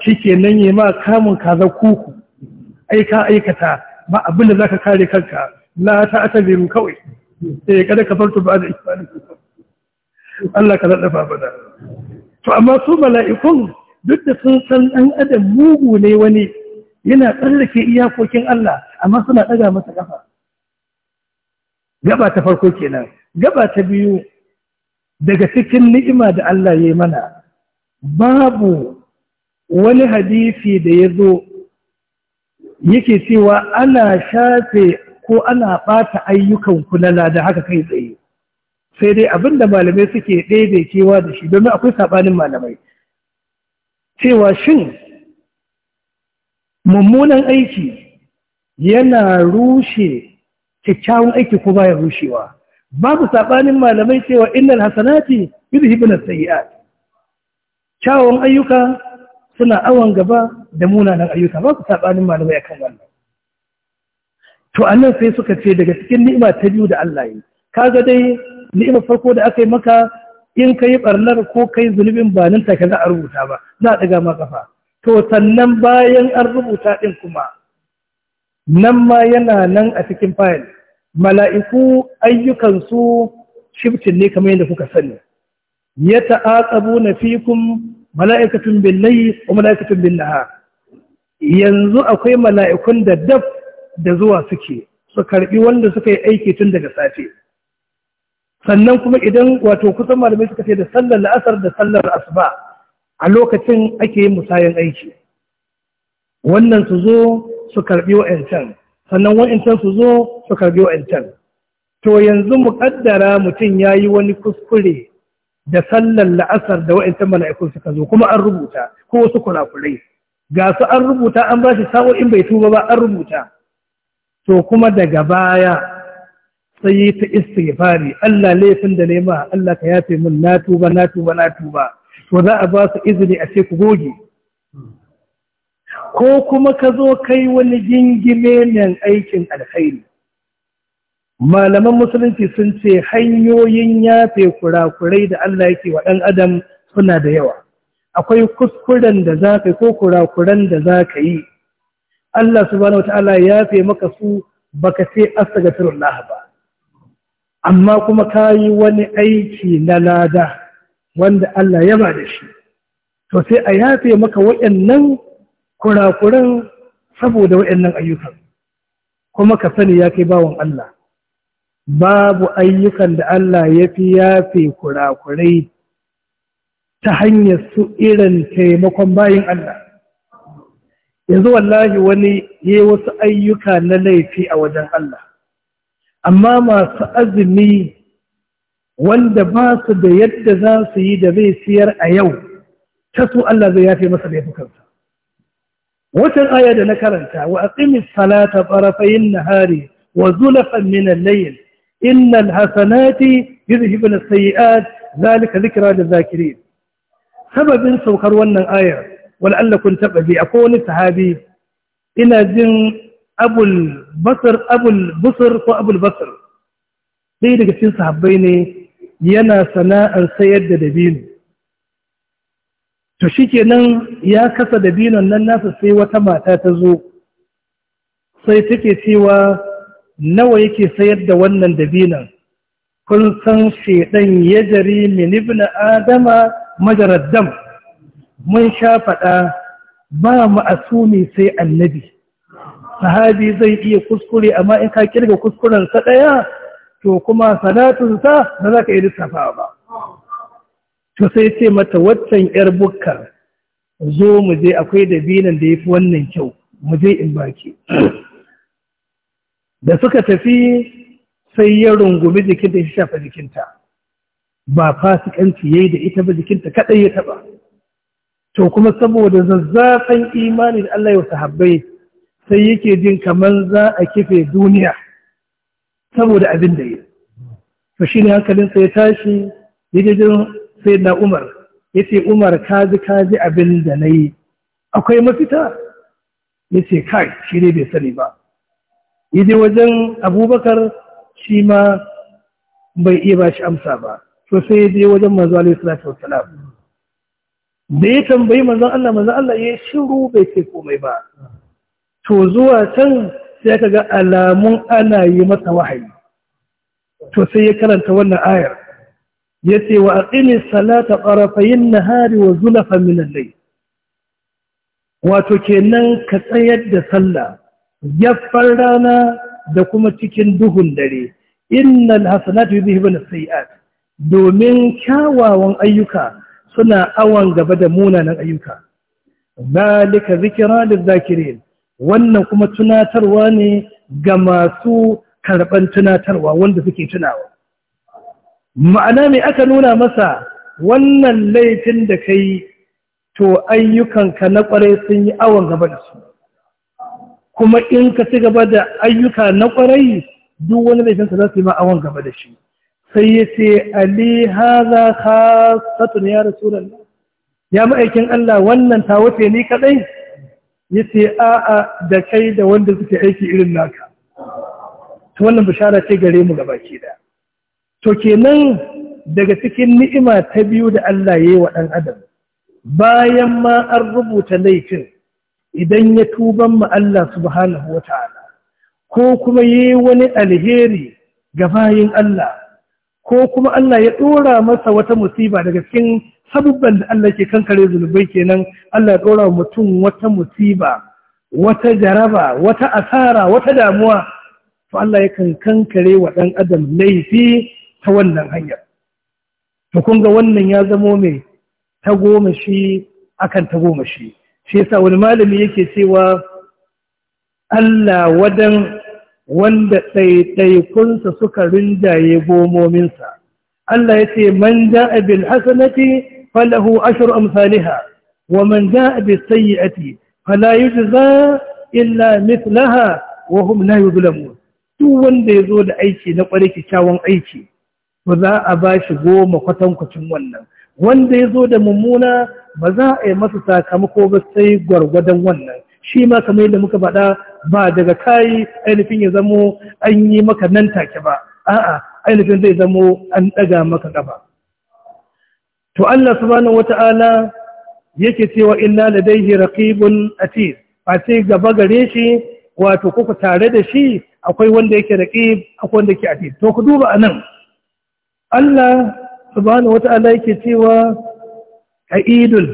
shi nan ya ma kamun kaza kuku aika aikata ba abin da ka kare kanka na ta zirin kawai ya eh, kada ka farto ba da isfani Allah ka ba bada to amma su mala'ikun duk da sun san ɗan adam mugu ne wani yana tsallake iyakokin Allah amma suna ɗaga masa ƙafa gaba ta farko kenan gaba ta biyu daga cikin ni'ima da Allah ya yi mana babu wani hadisi da ya zo yake cewa ana shafe ko ana ɓata ayyukan kulala da haka kai tsaye sai dai abinda malamai suke ɗebe kewa da shi domin akwai saɓanin malamai cewa shin mummunan aiki yana rushe kyakkyawan aiki ko baya rushewa babu sabanin malamai cewa innal hasanati yudhibuna sayiat kyawun ayyuka suna awon gaba da munanan ayyuka babu sabanin malamai akan wannan to annan sai suka ce daga cikin ni'ima ta biyu da Allah yi kaga dai ni'imar farko da aka yi maka in kai barnar ko kai zulubin ba nan take za a rubuta ba za a daga ma kafa to sannan bayan an rubuta din kuma nan ma yana nan a cikin fayil mala'iku ayyukansu shiftin ne kamar yadda kuka sani ya ta'aqabu na fikum mala'ikatun billahi wa mala'ikatun billaha yanzu akwai mala'ikun da dab da zuwa suke su karbi wanda suka yi aiki tun daga safe sannan kuma idan wato kusan malamai suka ce da sallar la'asar da sallar asuba a lokacin ake yin musayan aiki wannan su zo su karbi wa'ancan sannan wa'ancan su zo su karbi wa'ancan to yanzu muƙaddara mutum mutum yi wani kuskure da sallar la'asar da wa'ancan mala'ikun suka zo kuma an rubuta ko wasu kurakurai ga su an rubuta an ba shi sa'o'in bai tuba ba an rubuta to kuma daga baya sai yi ta istighfari Allah laifin da nema Allah ka yafe min na tuba na tuba na tuba to za a ba su izini a ce ku goge ko kuma ka zo kai wani gingime mai aikin alkhairi malaman musulunci sun ce hanyoyin yafe kurakurai da Allah yake wa ɗan adam suna da yawa akwai kuskuren da za ka yi ko kurakuran da za ka yi Allah subhanahu wata'ala ya yafe maka su baka ce astaghfirullah ba amma kuma ka yi wani aiki na lada wanda Allah ya ba da shi to sai a yafe maka waɗannan kurakuran saboda waɗannan ayyukan kuma ka sani ya kai bawan Allah babu ayyukan da Allah ya fi yafe kurakurai ta hanyar su irin taimakon bayin Allah yanzu wallahi wani ya yi wasu ayyuka na laifi a wajen Allah amma masu azumi wanda ba su da yadda za su yi da zai siyar a yau ta su Allah zai yafe masa laifukansa watan aya da na karanta wa aqimis salata tarafayn nahari wa zulfan min al-layl innal hasanati yuzhibun as-sayyi'at zalika dhikra lil-zakirin sababin saukar wannan ayar wal'alla kun taba bi akwai sahabi ina jin abul basr abul busr ko abul basr dai daga cikin sahabbai ne yana sana'ar sayar da dabino to shi nan ya kasa da binon nan nasa sai wata mata ta zo sai take cewa nawa yake sayar da wannan dabinan kun san shedan ya jari min ibn adama majarar dam mun sha faɗa ba mu asumi sai annabi sahabi zai iya kuskure amma in ka kirga kuskurensa ɗaya to kuma salatunsa ba za ka yi lissafa ba to sai ce mata watan yar bukka zo mu je akwai binan da yafi wannan kyau mu je in baki da suka tafi sai ya rungumi jikinta ya shafa jikinta ba fasikanci yayi da ita ba jikinta kaɗai ya taba to kuma saboda zazzafan imani da Allah ya sahabbai sai yake jin kamar za a kife duniya saboda abin da yi to shine hankalinsa ya tashi ya sai na umar ya ce umar kaji kaji abin da na yi akwai mafita ya ce kai shi ne bai sani ba ya je wajen abubakar shi ma bai iya ba shi amsa ba to sai ya je wajen manzo alaihi salatu da ya tambayi manzon Allah manzon Allah ya shiru bai ce komai ba to zuwa can sai ka ga alamun ana yi masa wahayi to sai ya karanta wannan ayar yace wa aqimi salata qarafayn nahari wa zulafa min al-layl wato kenan ka tsayar da sallah yaffar rana da kuma cikin duhun dare innal hasanatu yudhibun as sayiat domin kyawawan ayyuka suna awan gaba da munanan ayyuka zalika zikra zakirin, wannan kuma tunatarwa ne ga masu karban tunatarwa wanda suke tunawa ma'ana mai aka nuna masa wannan laifin da ka yi to ayyukanka na ƙwarai sun yi awon gaba da su kuma in ka ci gaba da ayyuka na ƙwarai duk wani laifinsa za su yi ma awon gaba da shi sai ya ce ali haza ne ya rasulullah ya ma'aikin Allah wannan ta wuce ni kadai yace a'a da kai da wanda suke aiki irin naka wannan bishara ce gare mu gabaki da to kenan daga cikin ni'ima ta biyu da Allah ya yi wa ɗan adam bayan ma an rubuta laifin idan ya tuban ma Allah subhanahu wata'ala ko kuma yi wani alheri ga bayin Allah ko kuma Allah ya ɗora masa wata musiba daga cikin sabubban da Allah ke kankare zunubai kenan Allah ya ɗora mutum wata musiba wata jaraba wata asara wata damuwa to Allah yakan kankare wa ɗan adam laifi ta wannan hanyar to kun ga wannan ya zamo mai tagomashi akan tagomashi shi yasa wani malami yake cewa Allah wadan wanda ɗaiɗaikunsa suka rinjaye gomominsa Allah ya ce man ja'a bil hasanati falahu ashru amsaliha wa man ja'a bis sayyi'ati fala za illa mithlaha wa hum la yuzlamun duk wanda ya zo da aiki na kware kyakkyawan aiki to za a ba shi goma kwatankwacin wannan wanda ya zo da mummuna ba za a yi masa sakamako ba sai gwargwadon wannan shi ma kamar yadda muka faɗa ba daga kayi ainihin ya zamo an yi maka nan take ba a'a ainihin zai zamo an ɗaga maka gaba to Allah subhanahu wata'ala yake cewa inna ladaihi raqibun atid a ce gaba gare shi wato kuka tare da shi akwai wanda yake raqib akwai wanda yake atid to ku duba anan Allah subhanahu wata'ala yake cewa ka'idun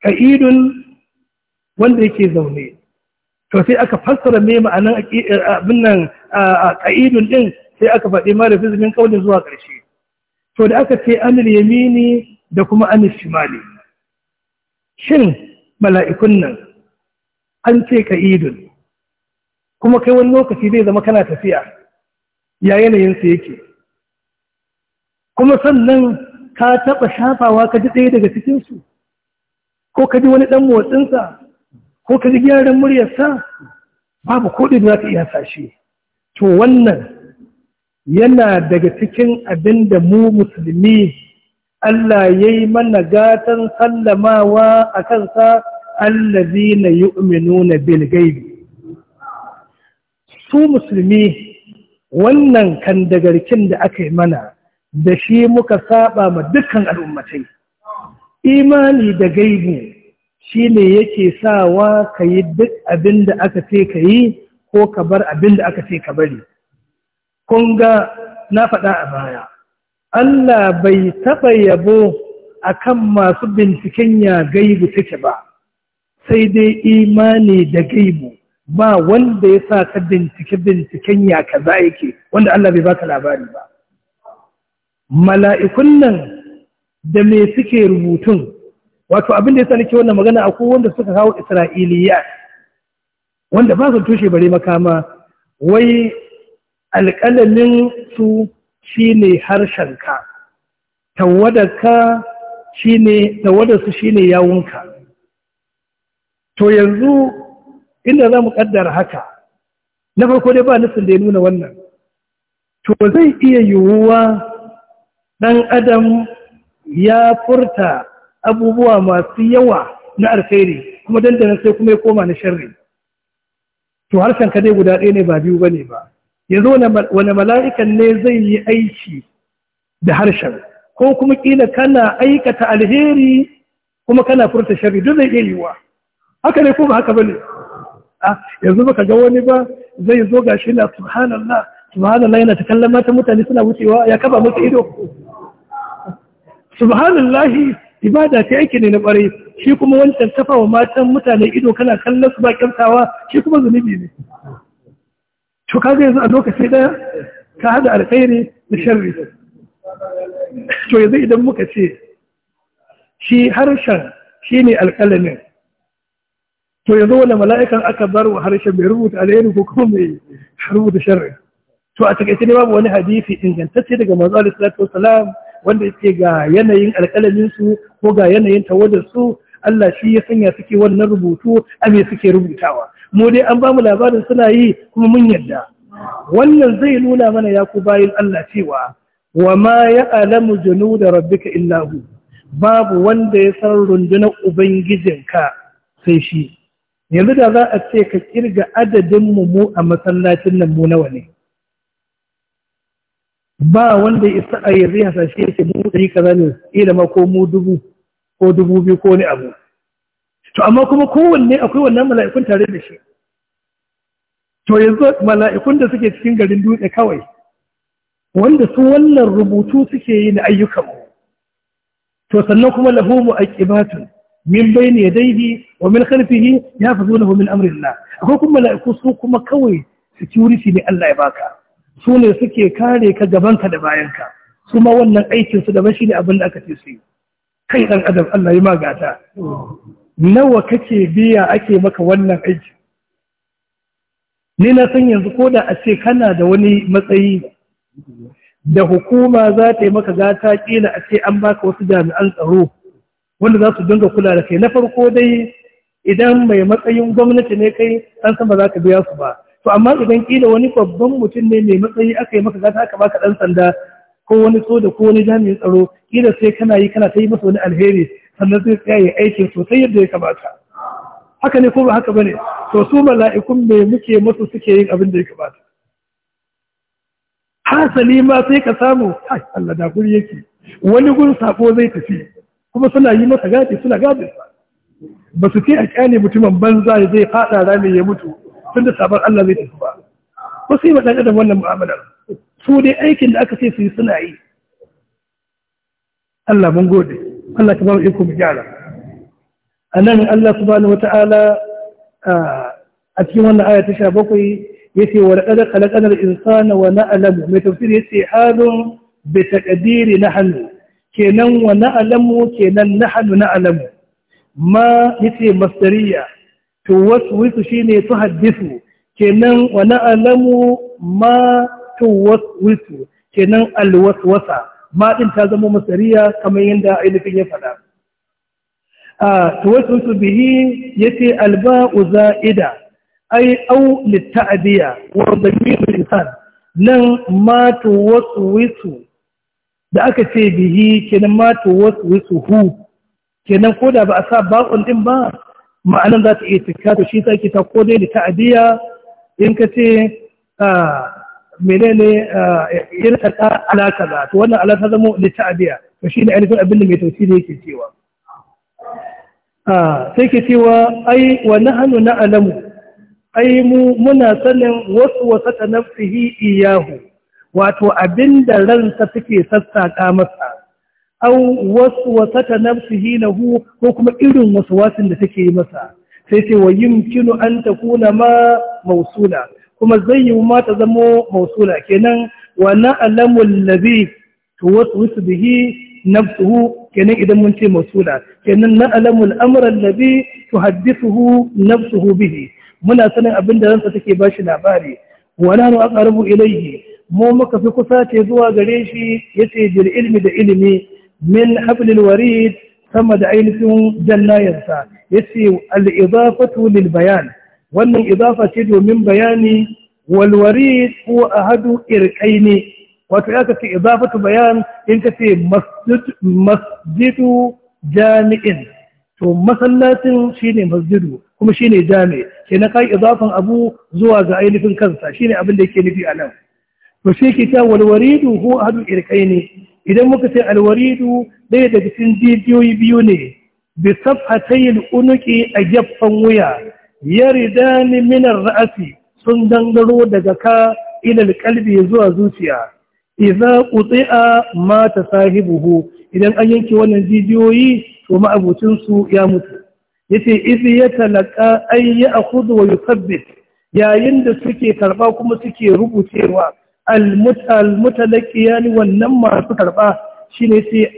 ka'idun wanda yake zaune to sai aka fassara me ma'anan abin nan ka'idun din sai aka faɗi mara fizimin kaulin zuwa ƙarshe to da aka ce anil yamini da kuma anil shimali shin mala'ikun nan an ce ka'idun kuma kai wani lokaci zai zama kana tafiya ya yanayinsa yake kuma sannan ka taɓa shafawa ka ji ɗaya daga cikinsu ko ka ji wani ɗan motsinsa ko ka ji gyaran muryarsa babu da za ka iya sashe to wannan yana daga cikin abin da mu musulmi Allah ya yi mana gatan sallamawa a kansa allazi na yi umenu na bilgaibi su musulmi wannan kan dagarkin da aka yi mana da shi muka saba ma dukkan al'ummatai imani da gaibu shi ne yake sawa ka yi duk abin da aka ce ka yi ko ka bar abin da aka ce ka bari kun ga na faɗa a baya Allah bai taɓa yabo a kan masu binciken ya gaibu take ba sai dai imani da gaibu ba wanda ya sa ka bincike binciken ya ka kaza yake wanda Allah bai baka labari ba mala'ikun nan da me suke rubutun wato abin da ya nake wannan magana a wanda suka kawo isra'iliya wanda ba su tushe bare makama wai alƙalamin su shine harshenka tawadar su shi shine yawunka to yanzu inda za mu ƙaddara haka na farko dai ba nufin da ya nuna wannan to zai iya yiwuwa ɗan adam ya furta abubuwa masu yawa na alkhairi kuma dandana sai kuma ya koma na sharri to harshen ka dai guda ɗaya ne ba biyu bane ba yanzu wani mala'ikan ne zai yi aiki da harshen ko kuma kila kana aikata alheri kuma kana furta sharri duk zai iya yiwa haka ne ko ba haka bane a yanzu baka ga wani ba zai zo gashi na subhanallah subhanallah yana ta kallon mata mutane suna wucewa ya kaba musu ido subhanallahi ibada ta yake ne na bare shi kuma wancan kafa wa matan mutane ido kana kallon su ba kyautawa, shi kuma zunubi ne to ka ga yanzu a lokaci daya ka hada alkhairi da sharri to yanzu idan muka ce shi harshen shine alkalamin to yanzu wani mala'ikan aka bar wa harshen mai rubuta alheri ko kuma mai rubuta sharri to a takaice ne babu wani hadisi ingantacce daga manzo alaihi salatu wasalam wanda yake ga yanayin alƙalamin su ko ga yanayin tawadar su Allah shi ya sanya suke wannan rubutu a me suke rubutawa mu dai an bamu labarin suna yi kuma mun yadda wannan zai nuna mana ya ku bayin Allah cewa wa ma ya'lamu junuda rabbika illa hu babu wanda ya san rundunar ubangijinka sai shi yanzu da za a ce ka kirga adadin mu mu a masallacin nan mu nawa ne ba wanda ya isa a yanzu ya hasashe yake mu ɗari kaza ne ila ma ko mu dubu ko dubu biyu ko wani abu to amma kuma kowanne akwai wannan mala'ikun tare da shi to yanzu mala'ikun da suke cikin garin dutse kawai wanda su wannan rubutu suke yi na ayyukanmu to sannan kuma lahu mu'aqibatun min bayni yadayhi wa min khalfihi yafzunahu min amrillah akwai kuma mala'iku su kuma kawai security ne Allah ya baka su ne suke kare ka gabanka da bayanka kuma wannan aikinsu da shi ne abin da aka ce su yi kai ɗan adam Allah yi magata nawa kake biya ake maka wannan aiki ni na san yanzu ko da a ce kana da wani matsayi da hukuma za ta yi maka gata kila a ce an baka wasu jami'an tsaro wanda za su dinga kula da kai na farko dai idan mai matsayin gwamnati ne kai an san ba za ka biya su ba to amma idan kila wani babban mutum ne mai matsayi aka yi maka gata aka baka dan sanda ko wani da ko wani jami'in tsaro kila sai kana yi kana ta yi masa wani alheri sannan zai tsaya ya aikin sosai yadda ya kamata haka ne ko ba haka bane to su mala'ikun me muke musu suke yin abin da ya kamata hasali ma sai ka samu ai Allah da guri yake wani gun sako zai tafi kuma suna yi masa gadi suna gadi ba su ce a kyale mutumin banza zai fada rami ya mutu tun da sabon Allah zai tafi ba ba su yi adam wannan mu'amalar su dai aikin da aka ce su yi suna yi Allah mun gode Allah ka ba mu iko mu gyara a nan Allah subhanahu wata'ala a cikin wannan aya ta sha bakwai ya ce wa laƙadar kalaƙadar insana wa na'alamu mai tafsir ya ce halin bi taƙadiri na hannu kenan wa na'alamu kenan na hannu na'alamu ma ya ce masdariya to wasu shi ne su haddisu kenan wani alamu ma to wasu wisu kenan alwaswasa ma ɗin ta zama masariya kamar yadda ainihin ya faɗa A wasu wisu bihi ya ce alba'u za'ida ai au litta'adiyya wa zamirul insan nan ma to wasu da aka ce bihi kenan ma to wasu hu kenan ko da ba a sa ba'un ɗin ba ma'anar za ta iya cika to shi sa ke ta kodai da ta'adiyya in ka ce menene irtaka alaka za to wannan alaka zama da ta'adiyya to shi ne ainihin abin da mai tausiri yake cewa sai ke cewa ai wa na alamu? ai mu muna sanin wasu ta nafsihi iyahu wato abin da ransa suke sassaƙa masa au waswasata nafsihi lahu ko kuma irin wasu waswasin da take yi masa sai ce wa yumkinu an takuna ma mausula kuma zai yi ma ta zamo mausula kenan wa na'lamu allazi tuwaswisu bihi nafsuhu kenan idan mun ce mausula kenan na'lamu al-amra hu tuhaddithuhu nafsuhu bihi muna sanin abin da ransa take ba shi labari wa nahnu aqrabu ilayhi mu muka fi kusa ce zuwa gare shi yace bil ilimi da ilimi min hablil warid sama da ainihin jannayensa ya ce al'izafatu lil bayan wannan izafa ce domin bayani walwari ko a hadu irkai wato ya kace izafatu bayan in ka ce masjidu jami'in to masallacin shine masjidu kuma shine Jami'i? ke na kai izafan abu zuwa ga ainihin kansa shine abin da yake nufi anan? to shi ke ta walwari ko a hadu irkai ne idan muka sai alwaridu ɗaya daga cikin jijiyoyi biyu ne bi safhatayn unuki a gefen wuya ni minar ra'asi sun dangaro daga ka ilal kalbi zuwa zuciya iza kutsi'a ma tasahibuhu idan an yanke wannan jijiyoyi to ma'abucin su ya mutu yace idh yatalqa ay ya'khudhu wa yuthabbit yayin da suke karba kuma suke rubucewa almutalaqiyani wannan masu karɓa shine sai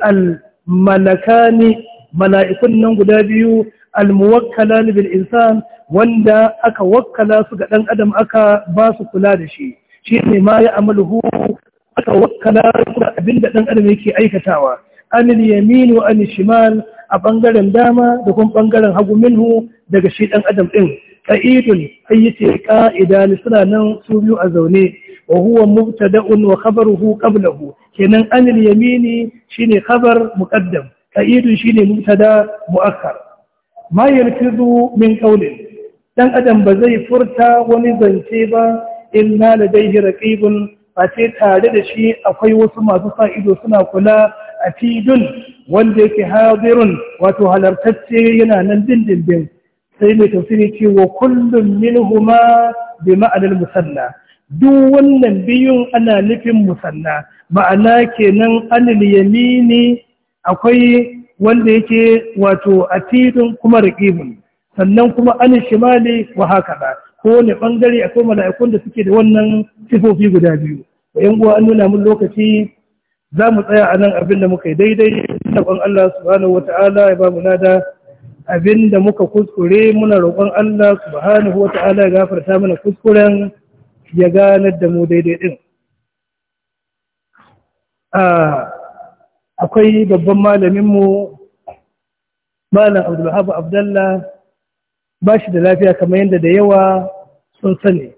malakani mala'ikun nan guda biyu almuwakkalani bil insan wanda aka wakkala su ga ɗan adam aka ba su kula da shi shine ma ya amaluhu aka wakkala su da abinda dan adam yake aikatawa anil yaminu wa shimal a ɓangaren dama da kuma bangaren hagu minhu daga shi ɗan adam ɗin. ƙa'idun ayyace qa'idani suna nan su biyu a zaune wa huwa mubtada'un wa khabaruhu qablahu kenan anil yamini shine khabar muƙaddam, qaidun shine mubtada muakkar ma yalfizu min qawlin dan adam ba zai furta wani zance ba inna ladayhi raqibun face tare da shi akwai wasu masu sa suna kula a fidun wanda yake hadirun wato halartacce yana nan dindindin sai mai tafsiri ce wa kullum minhuma bi ma'anar musalla duk wannan biyun ana nufin musanna ma'ana kenan anil yamini akwai wanda yake wato atidun kuma riqibun sannan kuma anil shimali wa hakaza ne bangare akwai mala'ikun da suke da wannan sifofi guda biyu yan uwa an nuna mun lokaci za mu tsaya a nan abin da muka yi daidai sabon Allah subhanahu wata'ala ya ba mu nada abin da muka kuskure muna roƙon Allah subhanahu wata'ala ya gafarta mana kuskuren ya ganar da mu daidai din akwai babban malaminmu malam abdullahi abdullah ba shi da lafiya kamar yadda da yawa sun sani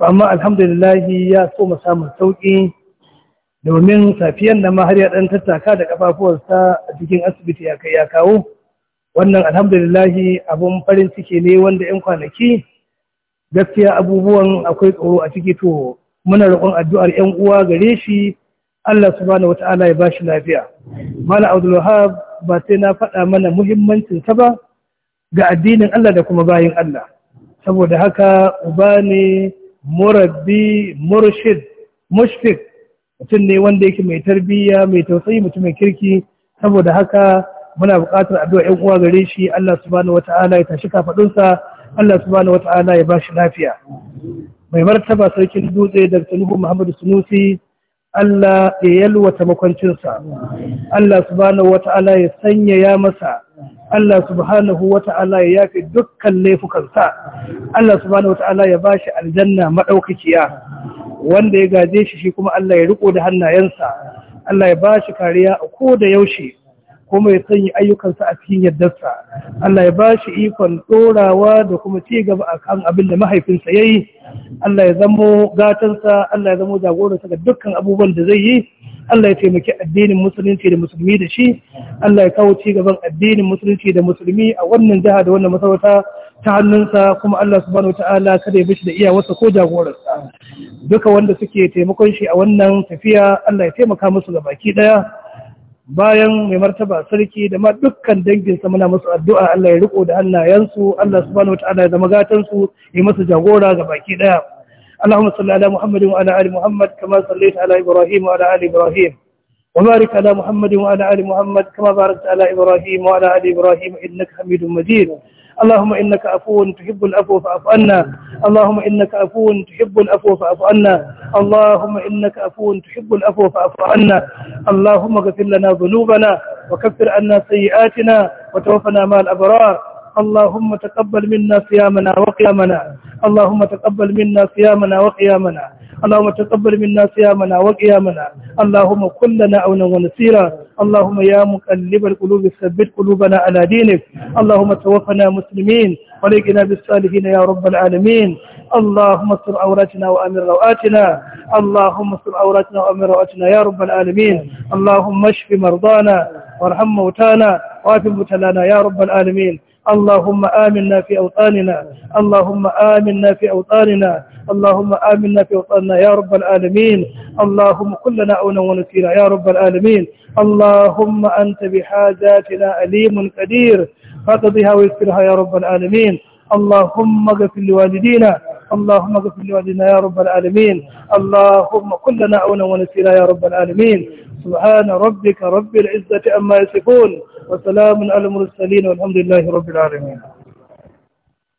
amma alhamdulillahi ya so samun sauƙi domin safiyan da ma har ya ɗan tattaka da ƙafafuwarsa a cikin asibiti ya kai ya kawo wannan alhamdulillahi abun farin ciki ne wanda 'yan kwanaki gaskiya abubuwan akwai tsoro a ciki to muna roƙon addu'ar ƴan uwa gare shi Allah subhanahu wata'ala ya bashi lafiya Malam Abdul Wahab ba sai na faɗa mana muhimmancin sa ba ga addinin Allah da kuma bayin Allah saboda haka uba murabbi murshid mushfiq mutum ne wanda yake mai tarbiyya mai tausayi mutum mai kirki saboda haka muna buƙatar addu'a ƴan uwa gare shi Allah subhanahu wata'ala ya tashi kafadunsa Allah subhanahu wata'ala ya bashi lafiya mai martaba sarkin dutse da Nuhu Muhammadu Sunusi Allah ya yalwata makwancinsa Allah subhanahu wata'ala ya sanya ya masa Allah subhanahu wata'ala ya yafi dukkan laifukansa Allah subhanahu wata'ala ya shi aljanna madaukakiya wanda ya gaje shi shi kuma Allah ya riko da hannayensa Allah ya bashi kariya a ko da yaushe kuma ya sanya ayyukansa a cikin yardarsa Allah ya ba shi ikon ɗorawa da kuma ci gaba a kan abin da mahaifinsa ya yi Allah ya zamo gatansa Allah ya zamo jagoransa ga dukkan abubuwan da zai yi Allah ya taimaki addinin musulunci da musulmi da shi Allah ya kawo ci gaban addinin musulunci da musulmi a wannan jiha da wannan masarauta ta hannunsa kuma Allah subhanahu wataala kada ya bishi da iyawarsa ko jagoransa. duka wanda suke taimakon shi a wannan tafiya Allah ya taimaka musu ga baki ɗaya. bayan mai martaba sarki da ma dukkan danginsa muna masu addu'a Allah ya riko da hannayensu Allah subhanahu ta’ala ya zama gatansu ya masa jagora ga baki daya Allahumma salli ala Muhammadin wa ala ali Muhammad kama sallaita ala Ibrahim wa ala ali Ibrahim wa barik ala Muhammadin wa ala ali Muhammad kama barakta ala Ibrahim wa ala ali Ibrahim innaka Hamidum Majid اللهم إنك عفو تحب العفو فاعف عنا اللهم إنك عفو تحب العفو فاعف عنا اللهم إنك عفو تحب العفو فاعف عنا اللهم اغفر لنا ذنوبنا وكفر عنا سيئاتنا وتوفنا مع الأبرار اللهم تقبل منا صيامنا وقيامنا اللهم تقبل منا صيامنا وقيامنا اللهم تقبل منا صيامنا وقيامنا اللهم كن لنا عونا ونصيرا اللهم يا مقلب القلوب ثبت قلوبنا على دينك اللهم توفنا مسلمين ولقنا بالصالحين يا رب العالمين اللهم استر عوراتنا وامن رواتنا اللهم استر عوراتنا وامن رواتنا يا رب العالمين اللهم اشف مرضانا وارحم موتانا واعف مبتلانا يا رب العالمين اللهم آمنا في أوطاننا اللهم آمنا في أوطاننا اللهم آمنا في أوطاننا يا رب العالمين اللهم كلنا أونا ونسينا يا رب العالمين اللهم أنت بحاجاتنا أليم قدير فتضيها ويسكنها يا رب العالمين اللهم اغفر لوالدينا اللهم اغفر لوالدينا يا رب العالمين اللهم كلنا عونا ونسيرا يا رب العالمين سبحان ربك رب العزة أما يصفون وسلام على المرسلين والحمد لله رب العالمين